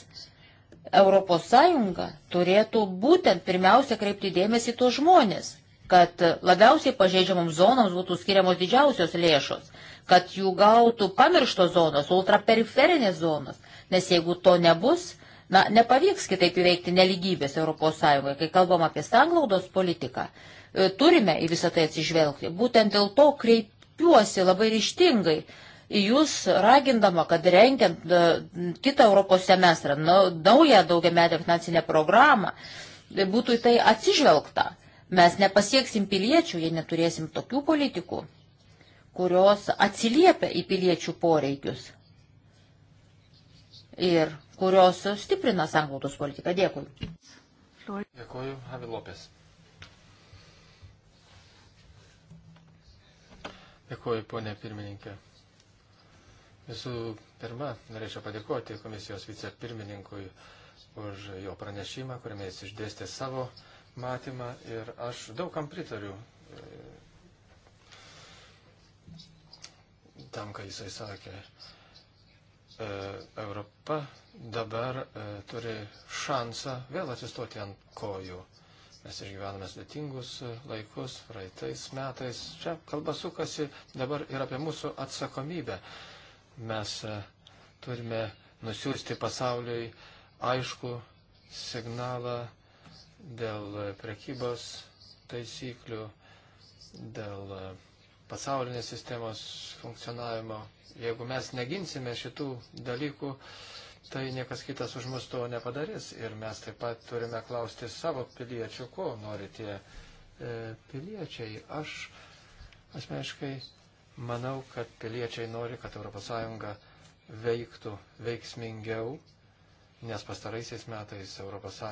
Speaker 2: Europos Sąjunga turėtų būtent pirmiausia kreipti dėmesį tuos žmonės, kad labiausiai pažeidžiamoms zonoms būtų skiriamos didžiausios lėšos, kad jų gautų pamirštos zonos, ultraperiferinės zonos, nes jeigu to nebus, na, nepavyks kitaip įveikti neligybės ES, kai kalbam apie sanglaudos politiką. E, turime į visą tai atsižvelgti. Būtent dėl to kreipiuosi labai ryštingai į jūs ragindama, kad renkiant e, kitą Europos semestrą, naują daugiametę finansinę programą, e, būtų į tai atsižvelgta. Mes nepasieksim piliečių, jei neturėsim tokių politikų, kurios atsiliepia į piliečių poreikius ir kurios stiprina sanglautos politiką. Dėkui.
Speaker 3: Dėkuoju, Avi Lopės. Dėkuoju, ponė pirmininkė. Visų pirma, norėčiau padėkoti komisijos vicepirmininkui už jo pranešimą, kuriame jis išdėstė savo uh, matymą ir aš daugam pritariu e, tam, ką jisai sakė. E, Europa dabar e, turi šansą vėl atsistoti ant kojų. Mes išgyvename sudėtingus laikus, praeitais metais. Čia kalba sukasi dabar ir apie mūsų atsakomybę. Mes turime nusiųsti pasauliui aišku signalą dėl prekybos taisyklių, dėl pasaulinės sistemos funkcionavimo. Jeigu mes neginsime šitų dalykų, tai niekas kitas už mus to nepadarys. Ir mes taip pat turime klausti savo piliečių, ko nori tie e, piliečiai. Aš asmeniškai manau, kad piliečiai nori, kad ES veiktų veiksmingiau, nes pastaraisiais metais ES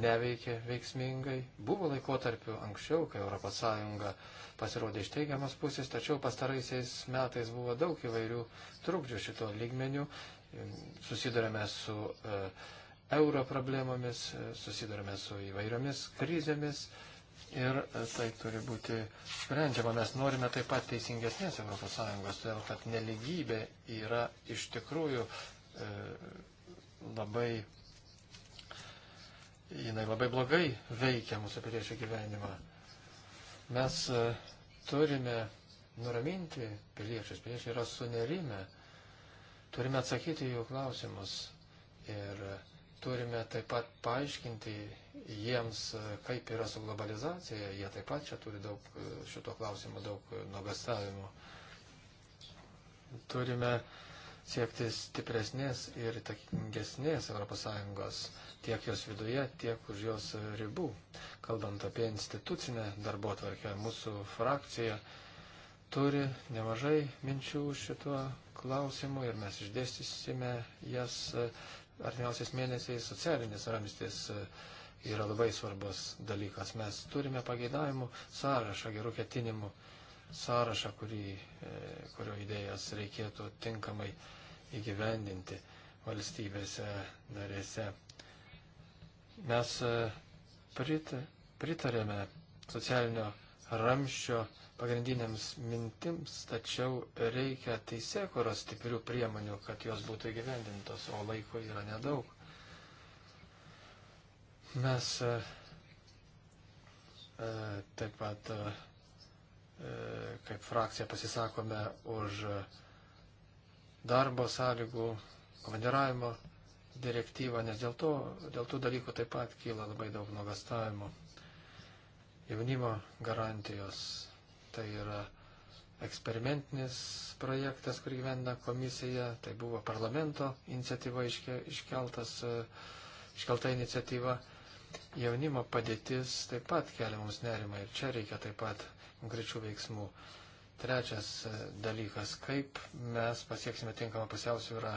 Speaker 3: neveikia veiksmingai. Buvo laikotarpių anksčiau, kai ES pasirodė iš teigiamas pusės, tačiau pastaraisiais metais buvo daug įvairių trukdžių šito lygmenių. Susidurėme su e, euro problemomis, susidurėme su įvairiomis krizėmis ir e, tai turi būti sprendžiama. Mes norime taip pat teisingesnės ES, todėl kad neligybė yra iš tikrųjų e, labai jinai labai blogai veikia mūsų piliečių gyvenimą. Mes e, turime nuraminti piliečius, piliečiai yra sunerime, turime atsakyti jų klausimus ir e, turime taip pat paaiškinti jiems, e, kaip yra su globalizacija, jie taip pat čia turi daug šito klausimo, daug nuogastavimo. Turime uh, siekti stipresnės ir įtakingesnės ES tiek jos viduje, tiek už jos ribų. Kalbant apie institucinę darbo tvarkę, mūsų frakcija turi nemažai minčių šituo klausimu ir mes išdėstysime jas e, artimiausiais mėnesiais socialinis ramstis e, yra labai svarbus dalykas. Mes turime pageidavimų sąrašą gerų ketinimų sąrašą, kurį, e, kurio idėjas reikėtų tinkamai įgyvendinti valstybėse narėse. Mes e, prit, pritarėme socialinio ramščio pagrindinėms mintims, tačiau reikia teisėkuros stiprių priemonių, kad jos būtų įgyvendintos, o laiko yra nedaug. Mes e, taip pat E, kaip frakcija pasisakome už darbo sąlygų, komandiravimo direktyvą, nes dėl, to, dėl tų dalykų taip pat kyla labai daug nuogastavimo. Jaunimo garantijos tai yra eksperimentinis projektas, kurį gyvena komisija, tai buvo parlamento iniciatyva iškeltas, e, iškelta iniciatyva. Jaunimo padėtis taip pat kelia mums nerimą ir čia reikia taip pat konkrečių veiksmų. Trečias e, dalykas, kaip mes pasieksime tinkamą pusiausvyrą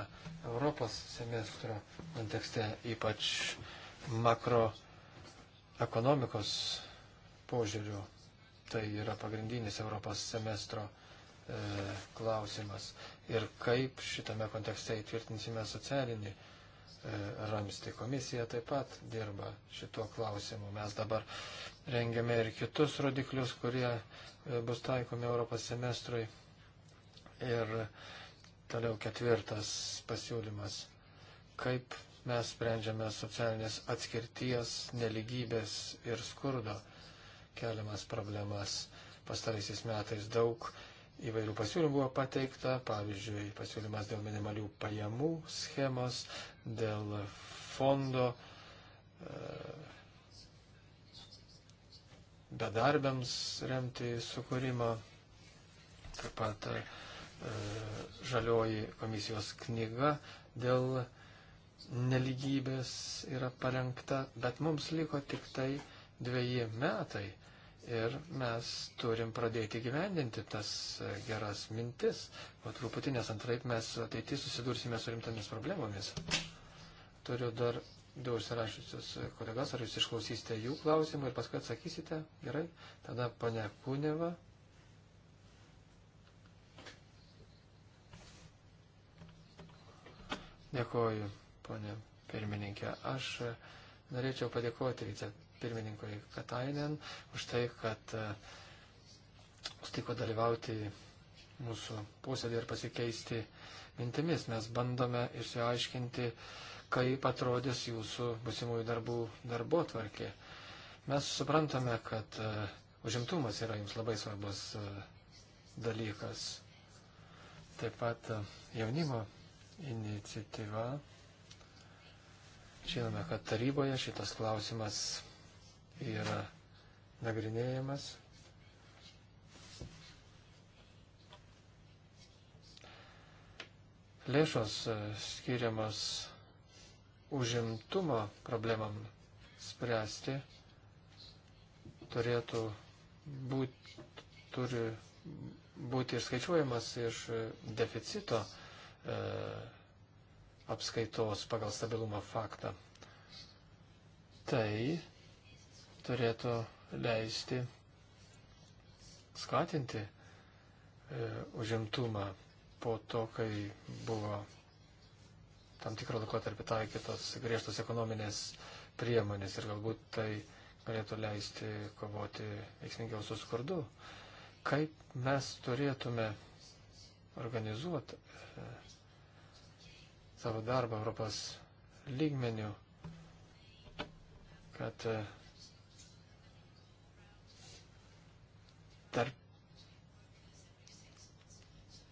Speaker 3: Europos semestro kontekste, ypač makroekonomikos požiūrių. Tai yra pagrindinis Europos semestro e, klausimas. Ir kaip šitame kontekste įtvirtinsime socialinį e, E, ramsti. Komisija taip pat dirba šituo klausimu. Mes dabar rengiame ir kitus rodiklius, kurie e, bus taikomi Europos semestrui. Ir toliau ketvirtas pasiūlymas, kaip mes sprendžiame socialinės atskirties, neligybės ir skurdo keliamas problemas. Pastaraisiais metais daug įvairių pasiūlymų buvo pateikta, pavyzdžiui, pasiūlymas dėl minimalių pajamų schemos, dėl fondo e, bedarbiams remti sukūrimą, taip pat e, žalioji komisijos knyga dėl neligybės yra parengta, bet mums liko tik tai dviejie metai ir mes turim pradėti gyvendinti tas geras mintis, o truputį, nes antraip mes ateityje susidursime su rimtomis problemomis. Turiu dar du užsirašysius kolegas, ar jūs išklausysite jų klausimą ir paskui atsakysite. Gerai, tada pane Kuneva. Dėkoju, ponė pirmininkė. Aš norėčiau padėkoti vice pirmininkui Katainen už tai, kad e, sutiko dalyvauti mūsų posėdį ir pasikeisti mintimis. Mes bandome išsiaiškinti, kaip atrodys jūsų busimųjų darbų darbo tvarkė. Mes suprantame, kad e, užimtumas yra jums labai svarbus e, dalykas. Taip pat jaunimo iniciatyva. Žinome, kad taryboje šitas klausimas yra nagrinėjamas. Lėšos e, skiriamos užimtumo problemam spręsti turėtų būti, turi būti išskaičiuojamas iš deficito e, apskaitos pagal stabilumo faktą. Tai turėtų leisti skatinti e, užimtumą po to, kai buvo tam tikro laikotarpį taikytos griežtos ekonominės priemonės ir galbūt tai galėtų leisti kovoti veiksmingiau su skurdu. Kaip mes turėtume organizuoti e, savo darbą Europos lygmenių, kad e, tarp,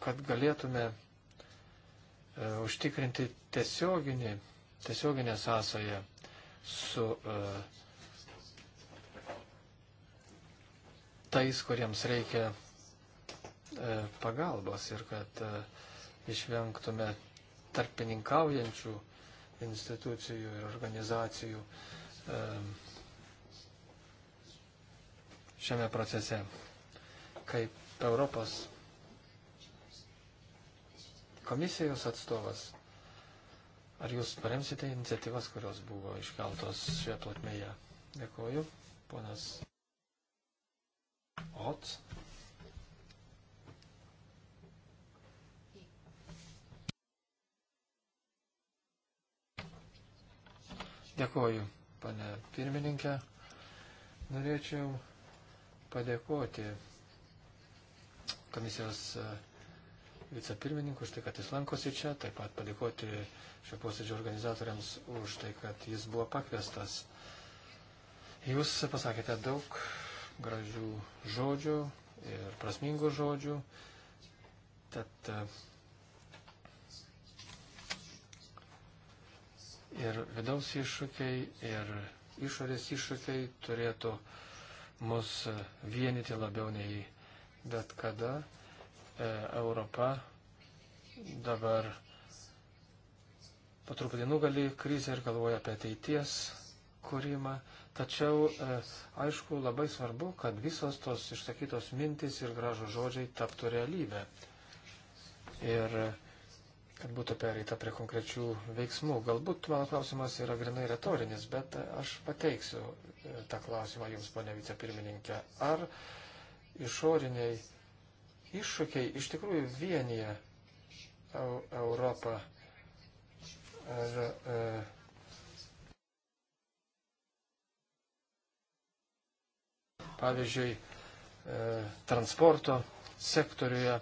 Speaker 3: kad galėtume e, užtikrinti tiesioginį, tiesioginę sąsąją su e, tais, kuriems reikia e, pagalbos ir kad išvengtume tarpininkaujančių institucijų ir organizacijų šiame procese kaip Europos komisijos atstovas, ar jūs paremsite iniciatyvas, kurios buvo iškeltos šioje platmeje? Dėkuoju, ponas Ots. Dėkuoju, pane pirmininkė. Norėčiau padėkoti komisijos e, vicepirmininku už tai, kad jis lankosi čia, taip pat padėkoti šio posėdžio organizatoriams už tai, kad jis buvo pakviestas. Jūs pasakėte daug gražių žodžių ir prasmingų žodžių. Tad e, ir vidaus iššūkiai, ir išorės iššūkiai turėtų mus e, vienyti labiau nei bet kada e, Europa dabar patruputį nugali krizę ir galvoja apie ateities kūrimą. Tačiau, e, aišku, labai svarbu, kad visos tos išsakytos mintis ir gražų žodžiai taptų realybę. Ir e, kad būtų pereita prie konkrečių veiksmų. Galbūt mano klausimas yra grinai retorinis, bet e, aš pateiksiu e, tą klausimą jums, ponia vicepirmininkė. Ar e, išoriniai iššūkiai iš tikrųjų vienyje Europą. Ar, e, pavyzdžiui, e, transporto sektoriuje e,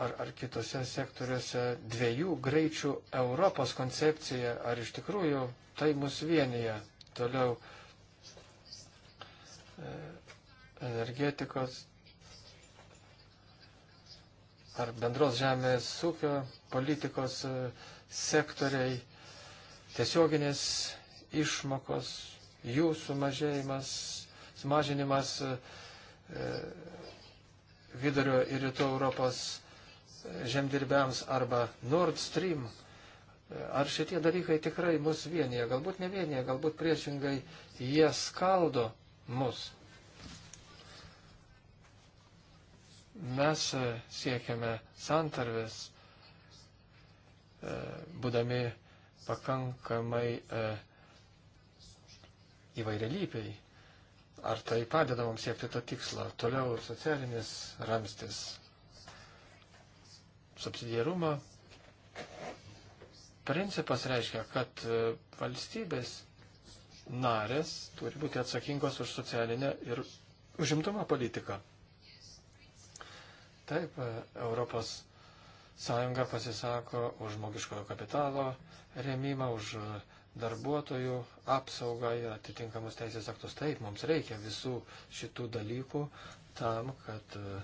Speaker 3: ar, ar kitose sektoriuose dviejų greičių Europos koncepcija, ar iš tikrųjų tai mus vienyje. Toliau E, energetikos ar bendros žemės ūkio politikos e, sektoriai, tiesioginės išmokos, jų sumažėjimas, sumažinimas e, vidurio ir rytų Europos žemdirbiams arba Nord Stream. Ar šitie dalykai tikrai mus vienyje? Galbūt ne vienyje, galbūt priešingai jie skaldo mus. Mes e, siekiame santarvės, e, būdami pakankamai e, įvairialypiai. Ar tai padeda mums siekti to tikslo? Toliau socialinis ramstis, subsidiarumo principas reiškia, kad valstybės narės turi būti atsakingos už socialinę ir užimtumo politiką. Taip, Europos Sąjunga pasisako už žmogiškojo kapitalo remimą, už darbuotojų apsaugą ir atitinkamus teisės aktus. Taip, mums reikia visų šitų dalykų tam, kad e,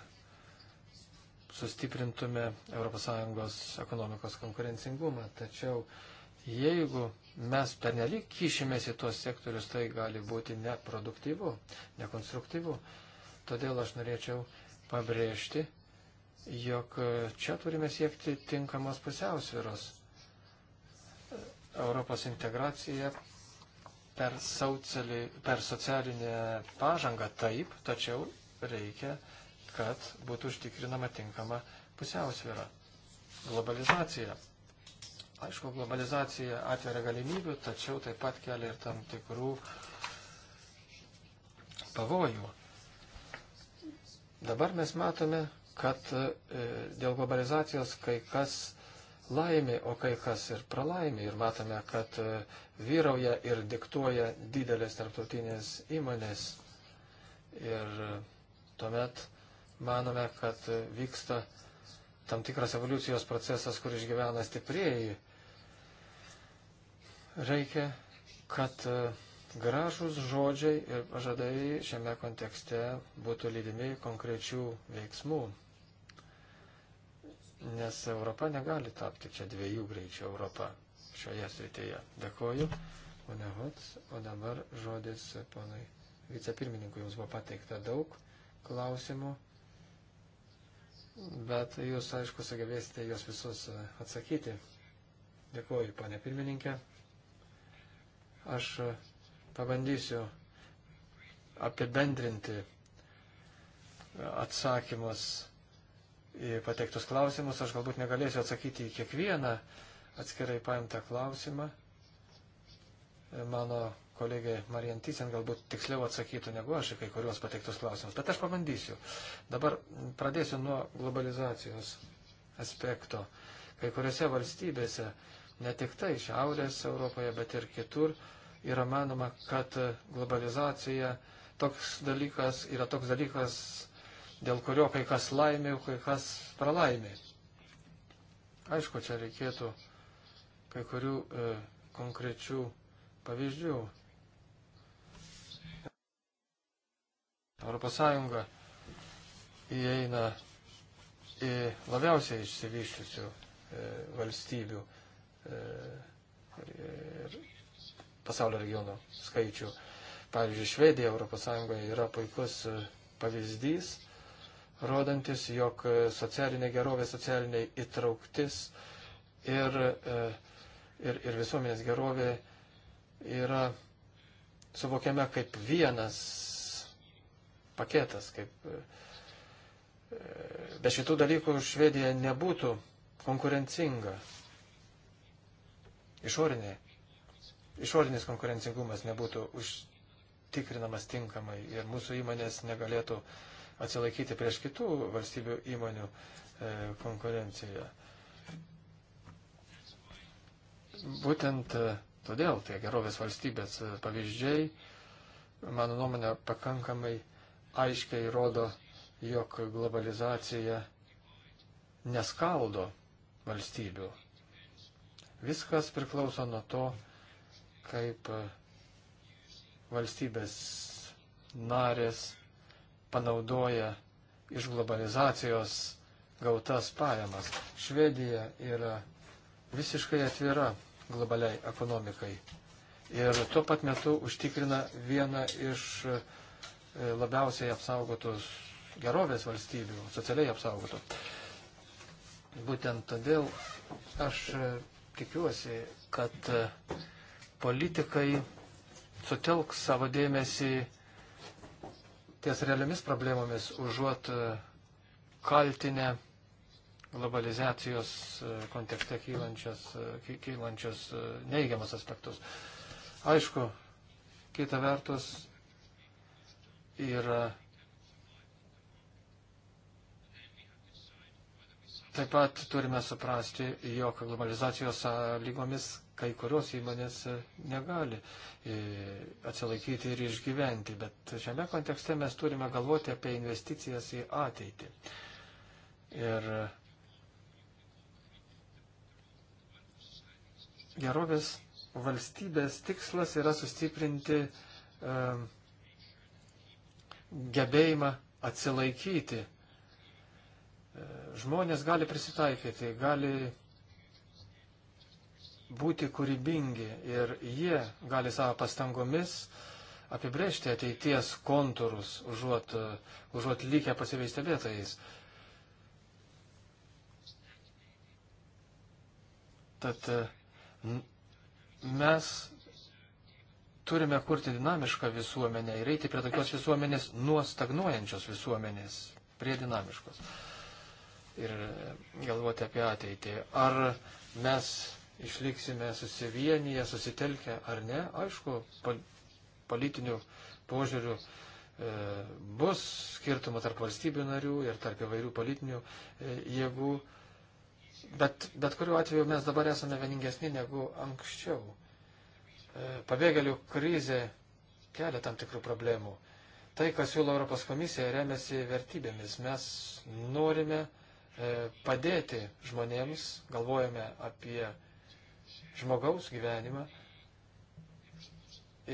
Speaker 3: sustiprintume ES ekonomikos konkurencingumą. Tačiau uh, Jeigu mes pernelyg kišimės į tuos sektorius, tai gali būti neproduktyvu, nekonstruktyvu. Todėl aš norėčiau pabrėžti, jog čia turime siekti tinkamos pusiausviros. Europos integracija per, saucelį, per socialinę pažangą taip, tačiau reikia, kad būtų užtikrinama tinkama pusiausvira. Globalizacija Aišku, globalizacija atveria galimybių, tačiau taip pat kelia ir tam tikrų pavojų. Dabar mes matome, kad e, dėl globalizacijos kai kas laimė, o kai kas ir pralaimė. Ir matome, kad e, vyrauja ir diktuoja didelės tarptautinės įmonės. Ir e, tuomet manome, kad vyksta tam tikras evoliucijos procesas, kur išgyvena stiprieji Reikia, kad e, gražus žodžiai ir pažadai šiame kontekste būtų lydimi konkrečių veiksmų. Nes Europa negali tapti čia dviejų greičių Europą šioje srityje. Dėkoju, ponė Hots, o dabar žodis ponui vicepirmininkui. Jums buvo pateikta daug klausimų, bet jūs, aišku, sugebėsite juos visus e, atsakyti. Dėkoju, ponė pirmininkė. Aš e, pabandysiu apibendrinti e, atsakymus į pateiktus klausimus. Aš galbūt negalėsiu atsakyti į kiekvieną atskirai paimtą klausimą. E, mano kolegė Marijan Tysen galbūt tiksliau atsakytų negu aš į kai kuriuos pateiktus klausimus, bet aš pabandysiu. Dabar pradėsiu nuo globalizacijos aspekto. Kai kuriuose valstybėse ne tik tai Šiaurės Europoje, bet ir kitur yra manoma, kad globalizacija toks dalykas, yra toks dalykas, dėl kurio kai kas laimė, kai kas pralaimė. Aišku, čia reikėtų kai kurių e, konkrečių pavyzdžių. Europos Sąjunga įeina į labiausiai išsivyščiusių e, valstybių E, ir pasaulio regionų skaičių. Pavyzdžiui, Švedija ES yra puikus e, pavyzdys, rodantis, jog e, socialinė gerovė, socialinė įtrauktis ir, ir, ir visuomenės gerovė yra suvokiame kaip vienas paketas, kaip be šitų dalykų Švedija nebūtų konkurencinga išorinė, išorinis konkurencingumas nebūtų užtikrinamas tinkamai ir mūsų įmonės negalėtų atsilaikyti prieš kitų valstybių įmonių e, konkurencijoje. Būtent e, todėl tie gerovės valstybės e, pavyzdžiai, mano nuomonė, pakankamai aiškiai rodo, jog globalizacija neskaldo valstybių. Viskas priklauso nuo to, kaip e, valstybės narės panaudoja iš globalizacijos gautas pajamas. Švedija yra visiškai atvira globaliai ekonomikai ir tuo pat metu užtikrina vieną iš e, labiausiai apsaugotus gerovės valstybių, socialiai apsaugotų. Būtent todėl aš e, tikiuosi, kad e, politikai sutelks savo dėmesį ties realiamis problemomis, užuot e, kaltinę globalizacijos e, kontekste kylančios, kylančios neigiamas aspektus. Aišku, kita vertus yra Taip pat turime suprasti, jog globalizacijos sąlygomis kai kurios įmonės negali e, atsilaikyti ir išgyventi, bet šiame kontekste mes turime galvoti apie investicijas į ateitį. Ir gerovės valstybės tikslas yra sustiprinti um, gebėjimą atsilaikyti uh, žmonės gali prisitaikyti, gali būti kūrybingi ir jie gali savo pastangomis apibrėžti ateities kontūrus, užuot, užuot likę pasiveis stebėtojais. Tad mes turime kurti dinamišką visuomenę ir eiti prie tokios visuomenės nuo stagnuojančios visuomenės, prie dinamiškos ir galvoti apie ateitį. Ar mes išliksime susivienyje, susitelkę ar ne, aišku, pol politinių požiūrių e, bus skirtumų tarp valstybių narių ir tarp įvairių politinių e, jėgų, bet, bet kuriuo atveju mes dabar esame vieningesni negu anksčiau. E, pabėgėlių krizė kelia tam tikrų problemų. Tai, kas siūlo Europos komisija, remiasi vertybėmis. Mes norime E, padėti žmonėms, galvojame apie žmogaus gyvenimą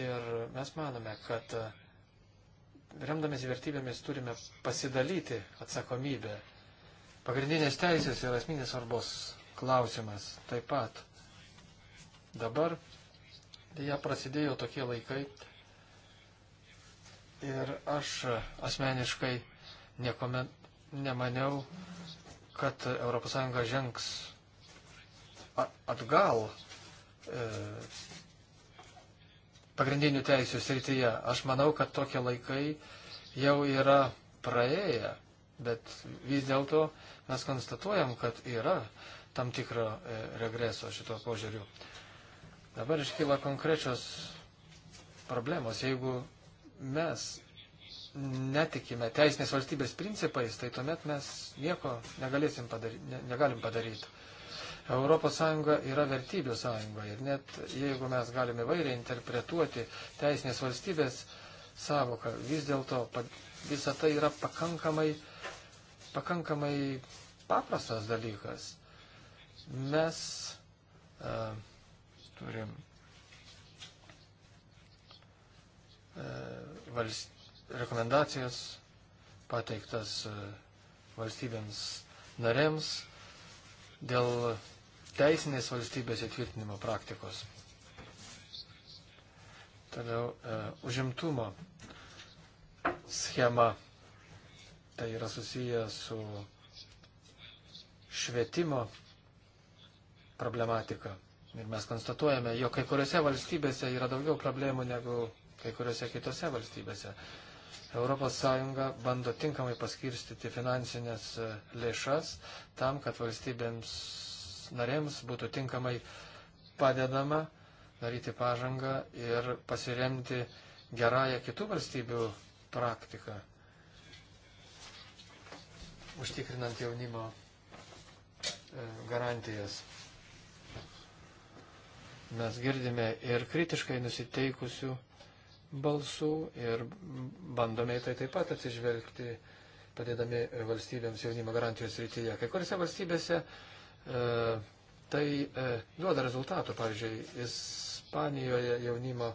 Speaker 3: ir mes manome, kad e, remdamės vertybėmis turime pasidalyti atsakomybę. Pagrindinės teisės yra asmeninės svarbos klausimas taip pat. Dabar jie prasidėjo tokie laikai ir aš asmeniškai niekuomet nemaniau, kad ES žengs atgal e, pagrindinių teisų srityje. Aš manau, kad tokie laikai jau yra praėję, bet vis dėlto mes konstatuojam, kad yra tam tikro e, regreso šito požiūriu. Dabar iškyla konkrečios problemos. Jeigu mes netikime teisinės valstybės principais, tai tuomet mes nieko negalėsim padaryti, ne, negalim padaryti. Europos Sąjunga yra vertybių sąjunga ir net jeigu mes galime vairiai interpretuoti teisinės valstybės savoką, vis dėlto visa tai yra pakankamai, pakankamai paprastas dalykas. Mes uh, turim uh, e, valstybę rekomendacijas pateiktas e, valstybėms narėms dėl teisinės valstybės įtvirtinimo praktikos. Toliau e, užimtumo schema. Tai yra susiję su švietimo problematika. Ir mes konstatuojame, jog kai kuriuose valstybėse yra daugiau problemų negu kai kuriuose kitose valstybėse. E, ES bando tinkamai paskirstyti finansinės e, lėšas tam, kad valstybėms narėms būtų tinkamai padedama daryti pažangą ir pasiremti gerąją kitų valstybių praktiką, užtikrinant jaunimo e, garantijas. Mes girdime ir kritiškai nusiteikusių balsų ir bandome į tai taip pat atsižvelgti, padėdami valstybėms jaunimo garantijos rytyje. Kai kuriuose valstybėse e, tai e, duoda rezultatų. Pavyzdžiui, Ispanijoje jaunimo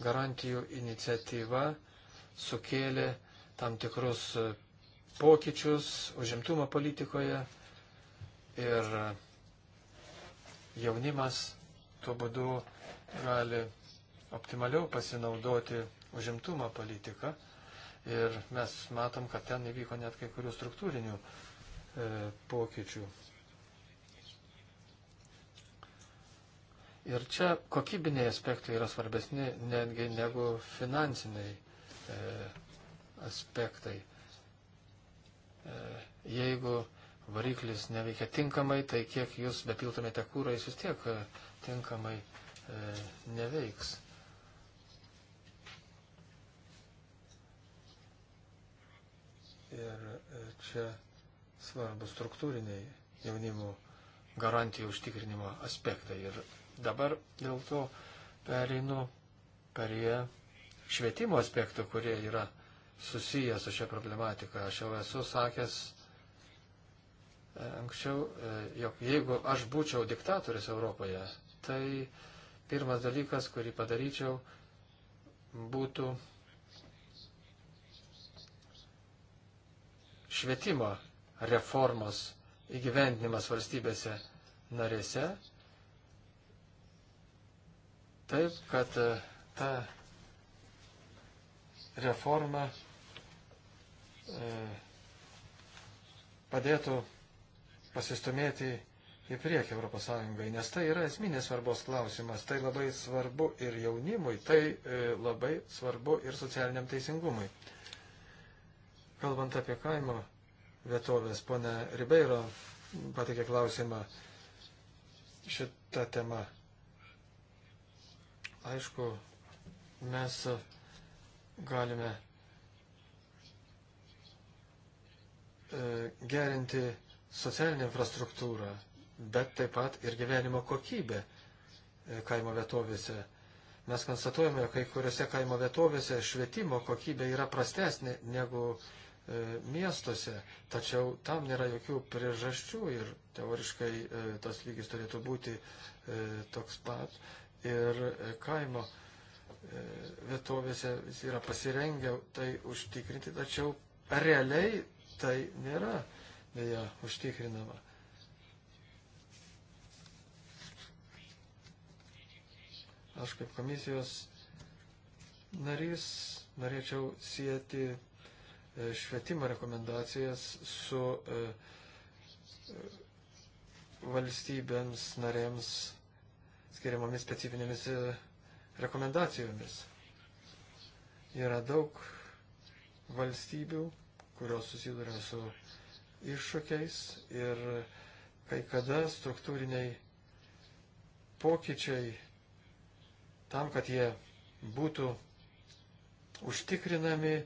Speaker 3: garantijų iniciatyva sukėlė tam tikrus e, pokyčius užimtumo politikoje ir e, jaunimas tuo būdu gali optimaliau pasinaudoti užimtumo politiką. Ir mes matom, kad ten įvyko net kai kurių struktūrinių e, pokyčių. Ir čia kokybiniai aspektai yra svarbesni netgi negu finansiniai e, aspektai. E, jeigu variklis neveikia tinkamai, tai kiek jūs bepiltumėte kūrą, jis vis tiek e, tinkamai e, neveiks. Ir e, čia svarbu struktūriniai jaunimo garantijų užtikrinimo aspektai. Ir dabar dėl to pereinu prie švietimo aspektų, kurie yra susiję su šia problematika. Aš jau esu sakęs e, anksčiau, e, jog jeigu aš būčiau diktatorius Europoje, tai pirmas dalykas, kurį padaryčiau, būtų švietimo reformos įgyvendinimas valstybėse narėse, taip, kad e, ta reforma e, padėtų pasistumėti į priekį ES, nes tai yra esminės svarbos klausimas, tai labai svarbu ir jaunimui, tai e, labai svarbu ir socialiniam teisingumui. Kalbant apie kaimo vietovės, ponė Ribeiro patikė klausimą šitą temą. Aišku, mes galime e, gerinti socialinę infrastruktūrą, bet taip pat ir gyvenimo kokybę e, kaimo vietovėse. Mes konstatuojame, kai kuriuose kaimo vietovėse švietimo kokybė yra prastesnė negu uh, E, miestuose, tačiau tam nėra jokių priežasčių ir teoriškai e, tas lygis turėtų būti e, toks pat. Ir kaimo vietovėse visi yra pasirengę tai užtikrinti, tačiau realiai tai nėra dėja užtikrinama. Aš kaip komisijos narys norėčiau sieti E, švietimo rekomendacijas su e, e, valstybėms narėms skiriamomis specifinėmis rekomendacijomis. Yra daug valstybių, kurios susiduria su iššūkiais ir kai kada struktūriniai pokyčiai tam, kad jie būtų užtikrinami,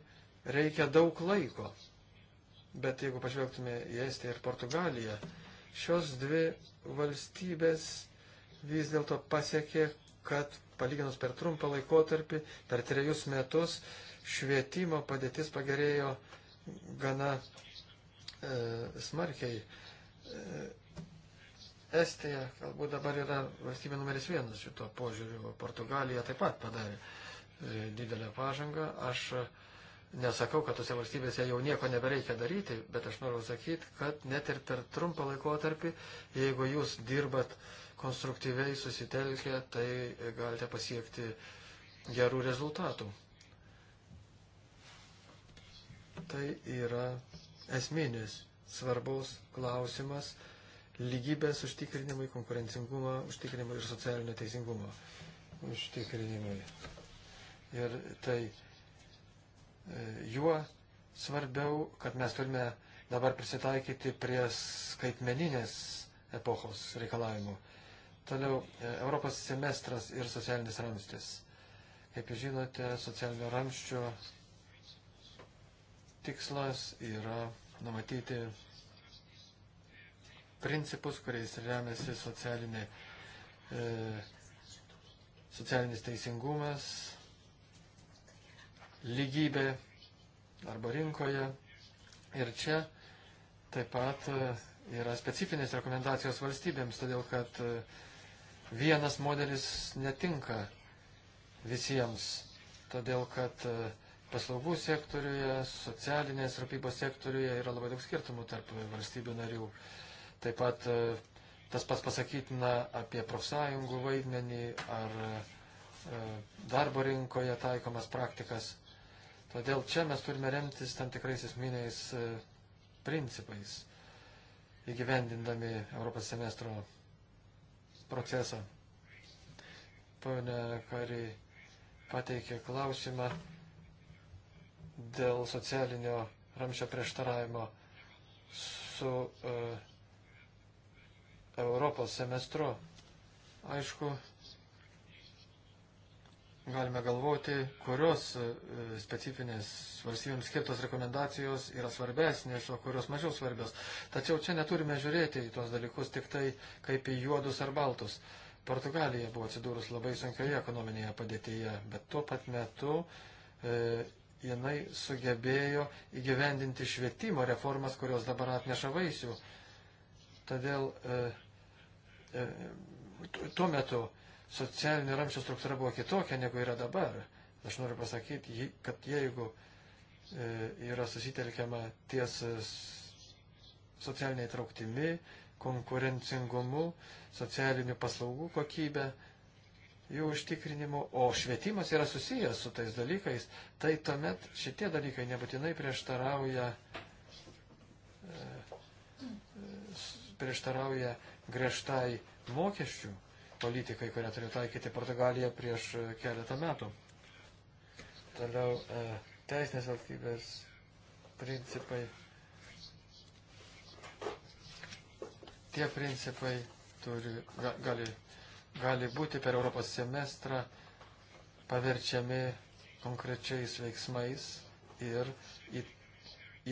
Speaker 3: reikia daug laiko. Bet jeigu pažvelgtume į Estiją ir Portugaliją, šios dvi valstybės vis dėlto pasiekė, kad palyginus per trumpą laikotarpį, per trejus metus, švietimo padėtis pagerėjo gana e, smarkiai. E, Estija galbūt dabar yra valstybė numeris vienas šito požiūriu, Portugalija taip pat padarė e, didelę pažangą. Aš e, Nesakau, kad tose valstybėse jau nieko nebereikia daryti, bet aš noriu sakyti, kad net ir per trumpą laikotarpį, jeigu jūs dirbat konstruktyviai susitelkę, tai galite pasiekti gerų rezultatų. Tai yra esminis svarbus klausimas lygybės užtikrinimui, konkurencingumą užtikrinimui ir socialinio teisingumo užtikrinimui. Ir tai juo svarbiau, kad mes turime dabar prisitaikyti prie skaitmeninės epochos reikalavimų. Toliau e, Europos semestras ir socialinis ramstis. Kaip jūs žinote, socialinio ramščio tikslas yra numatyti principus, kuriais remiasi socialinė, e, socialinis teisingumas, lygybė darbo rinkoje. Ir čia taip pat e, yra specifinės rekomendacijos valstybėms, todėl kad e, vienas modelis netinka visiems, todėl kad e, paslaugų sektoriuje, socialinės rūpybos sektoriuje yra labai daug skirtumų tarp valstybių narių. Taip pat tas pats pasakytina apie profsąjungų vaidmenį ar darbo rinkoje taikomas praktikas. Todėl čia mes turime remtis tam tikrais esminiais e, principais, įgyvendindami Europos semestro procesą. Pane Kari pateikė klausimą dėl socialinio ramšio prieštaravimo su uh, Europos semestru. Aišku, galime galvoti, kurios e, specifinės valstybėms skirtos rekomendacijos yra svarbesnės, o kurios mažiau svarbios. Tačiau čia neturime žiūrėti į tos dalykus tik tai kaip į juodus ar baltus. Portugalija buvo atsidūrus labai sunkioje ekonominėje padėtyje, bet tuo pat metu e, jinai sugebėjo įgyvendinti švietimo reformas, kurios dabar atneša vaisių. Todėl e, e, tuo metu socialinio ramščio struktūra buvo kitokia, negu yra dabar. Aš noriu pasakyti, kad jeigu e, yra susitelkiama ties socialiniai trauktimi, konkurencingumu, socialinių paslaugų kokybę, jų užtikrinimu, o švietimas yra susijęs su tais dalykais, tai tuomet šitie dalykai nebūtinai prieštarauja, e, prieštarauja griežtai mokesčių politikai, kurią turėjo taikyti Portugalija prieš e, keletą metų. Toliau e, teisinės valstybės principai. Tie principai turi, gali, gali būti per Europos semestrą paverčiami konkrečiais veiksmais ir į,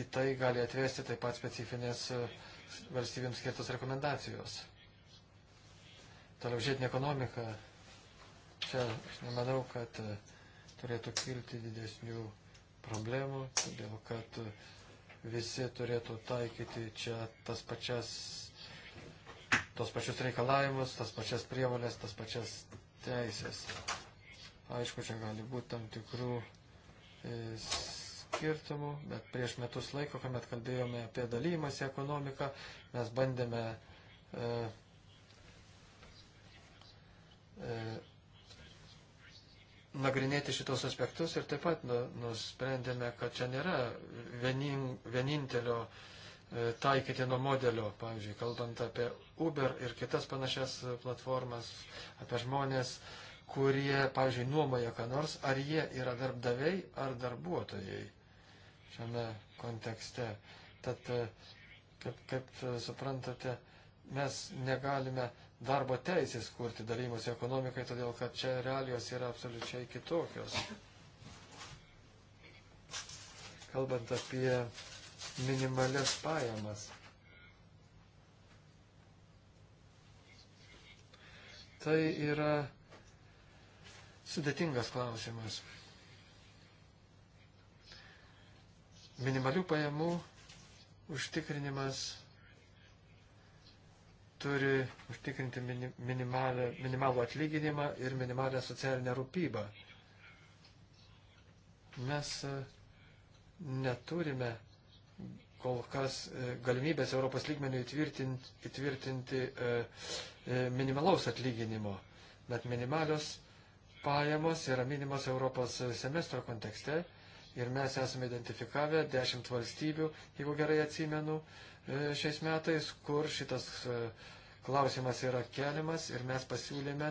Speaker 3: į tai gali atvesti taip pat specifinės e, valstybėms skirtos rekomendacijos. Toliau žiedinė ekonomika. Čia aš nemanau, kad e, turėtų kilti didesnių problemų, todėl kad e, visi turėtų taikyti čia tas pačias, tos pačius reikalavimus, tas pačias prievalės, tas pačias teisės. Aišku, čia gali būti tam tikrų e, skirtumų, bet prieš metus laiko, kuomet kalbėjome apie dalymąsi ekonomiką, mes bandėme e, E, nagrinėti šitos aspektus ir taip pat nu, nusprendėme, kad čia nėra vienin, vienintelio e, taikytino modelio, pavyzdžiui, kalbant apie Uber ir kitas panašias platformas, apie žmonės, kurie, pavyzdžiui, nuomoja ką nors, ar jie yra darbdaviai ar darbuotojai šiame kontekste. Tad, e, kaip, kaip suprantate, mes negalime darbo teisės kurti dalymus ekonomikai, todėl kad čia realijos yra absoliučiai kitokios. Kalbant apie minimales pajamas. Tai yra sudėtingas klausimas. Minimalių pajamų užtikrinimas turi užtikrinti minimalę, minimalų atlyginimą ir minimalę socialinę rūpybą. Mes e, neturime kol kas e, galimybės Europos lygmenių įtvirtinti, įtvirtinti e, minimalaus atlyginimo, bet minimalios pajamos yra minimos Europos semestro kontekste ir mes esame identifikavę dešimt valstybių, jeigu gerai atsimenu, šiais metais, kur šitas klausimas yra keliamas ir mes pasiūlėme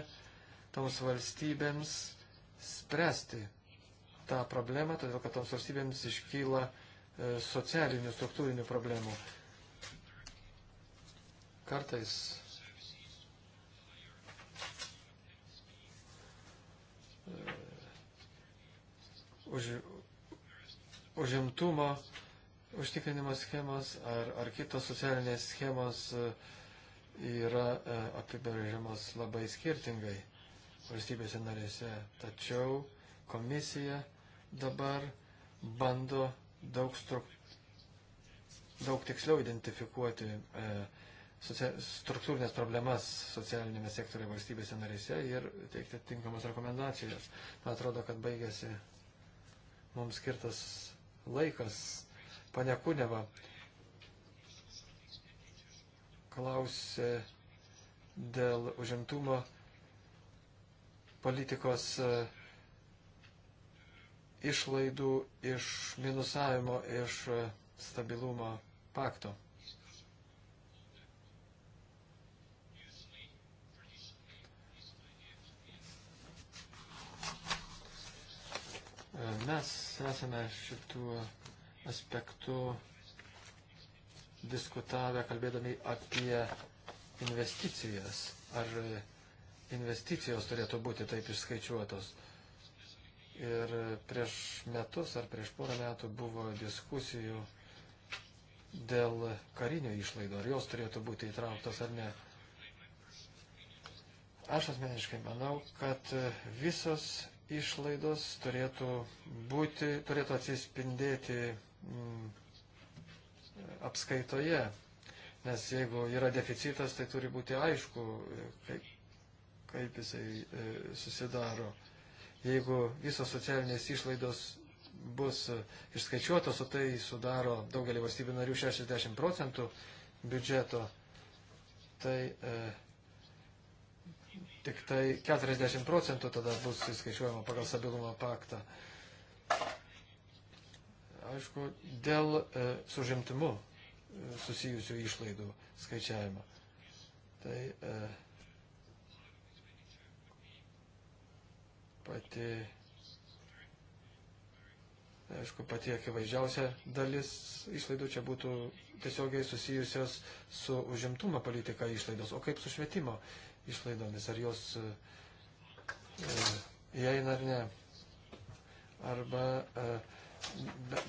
Speaker 3: toms valstybėms spręsti tą problemą, todėl kad toms valstybėms iškyla e, socialinių, struktūrinių problemų. Kartais e, už, užimtumo užtikrinimo schemos ar, ar kitos socialinės schemos uh, yra e, apibrėžiamas labai skirtingai valstybėse narėse. Tačiau komisija dabar bando daug, struk... daug tiksliau identifikuoti e, socia... struktūrinės problemas socialinėme sektoriuje valstybėse narėse ir teikti tinkamas rekomendacijas. Man atrodo, kad baigėsi mums skirtas laikas. Pane Kuneva klausė dėl užimtumo politikos e, išlaidų iš minusavimo iš e, stabilumo pakto. E, mes esame šitų aspektų diskutavę, kalbėdami apie investicijas. Ar investicijos turėtų būti taip išskaičiuotos? Ir prieš metus ar prieš porą metų buvo diskusijų dėl karinio išlaido, ar jos turėtų būti įtrauktos ar ne. Aš asmeniškai manau, kad visos išlaidos turėtų, būti, turėtų atsispindėti m, mm, apskaitoje. Nes jeigu yra deficitas, tai turi būti aišku, kaip, kaip jisai e, susidaro. Jeigu visos socialinės išlaidos bus e, išskaičiuotos, o tai sudaro daugelį valstybių narių 60 procentų biudžeto, tai e, tik tai 40 procentų tada bus įskaičiuojama pagal stabilumo paktą aišku, dėl e, sužimtimu e, susijusių išlaidų skaičiavimo. Tai e, pati, aišku, pati akivaizdžiausia dalis išlaidų čia būtų tiesiogiai susijusios su užimtumo politika išlaidos. O kaip su švietimo išlaidomis? Ar jos e, e įeina ar ne? Arba e,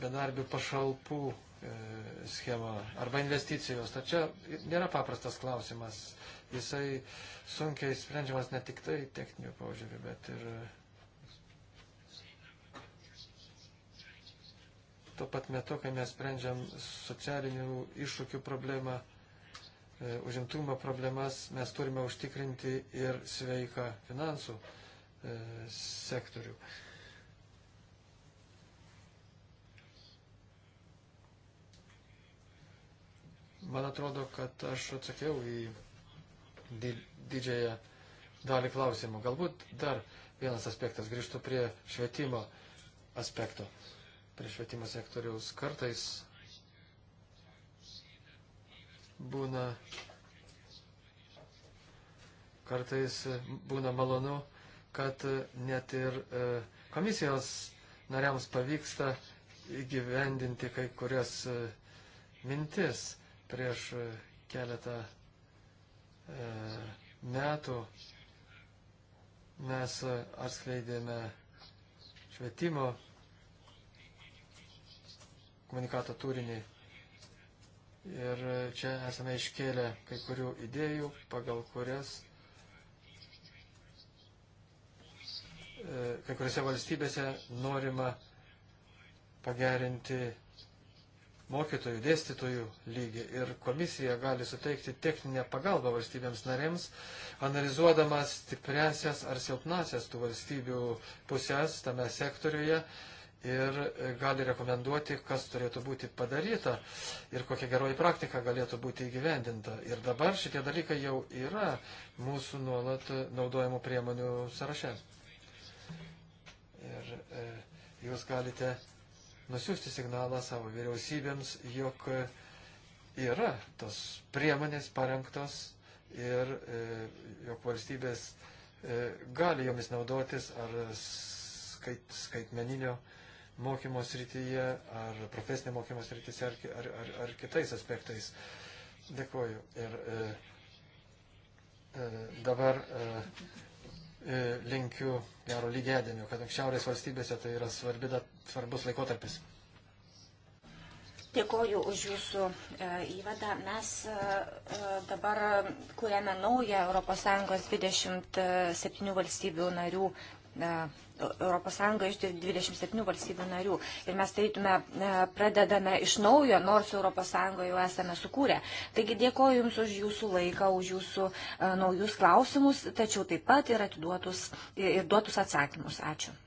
Speaker 3: bedarbių pašalpų e, schema arba investicijos. Tačiau nėra paprastas klausimas. Jisai sunkiai sprendžiamas ne tik tai techninių požiūrių, bet ir e, tuo pat metu, kai mes sprendžiam socialinių iššūkių problemą, e, užimtumo problemas, mes turime užtikrinti ir sveiką finansų sektorių. Man atrodo, kad aš atsakiau į didžiąją dalį klausimų. Galbūt dar vienas aspektas, grįžtų prie švietimo aspekto, prie švietimo sektoriaus. Kartais būna, kartais būna malonu, kad net ir e, komisijos nariams pavyksta įgyvendinti kai kurias e, mintis prieš e, keletą e, metų mes atskleidėme švietimo komunikato turinį. Ir čia esame iškėlę kai kurių idėjų, pagal kurias e, kai kuriuose valstybėse norima pagerinti mokytojų, dėstytojų lygį ir komisija gali suteikti techninę pagalbą valstybėms narėms, analizuodamas stipresias ar silpnasias tų valstybių pusės tame sektoriuje ir gali rekomenduoti, kas turėtų būti padaryta ir kokia geroji praktika galėtų būti įgyvendinta. Ir dabar šitie dalykai jau yra mūsų nuolat naudojamų priemonių sąraše. Ir e, jūs galite nusiųsti signalą savo vyriausybėms, jog e, yra tos priemonės parengtos ir e, jog valstybės e, gali jomis naudotis ar skait, skaitmeninio mokymo srityje, ar profesinio mokymo srityse, ar, ar, ar, ar kitais aspektais. Dėkuoju. Ir e, e, dabar. E, E, linkiu gero lygėdienio, kad šiaurės valstybėse tai yra svarbi, svarbus laikotarpis.
Speaker 1: Dėkoju už Jūsų e, įvadą. Mes e, dabar kuriame naują ES 27 valstybių narių ES iš 27 valstybių narių. Ir mes tarytume, e, pradedame iš naujo, nors ES jau esame sukūrę. Taigi dėkoju Jums už Jūsų laiką, už Jūsų e, naujus klausimus, tačiau taip pat ir atiduotus ir duotus atsakymus. Ačiū.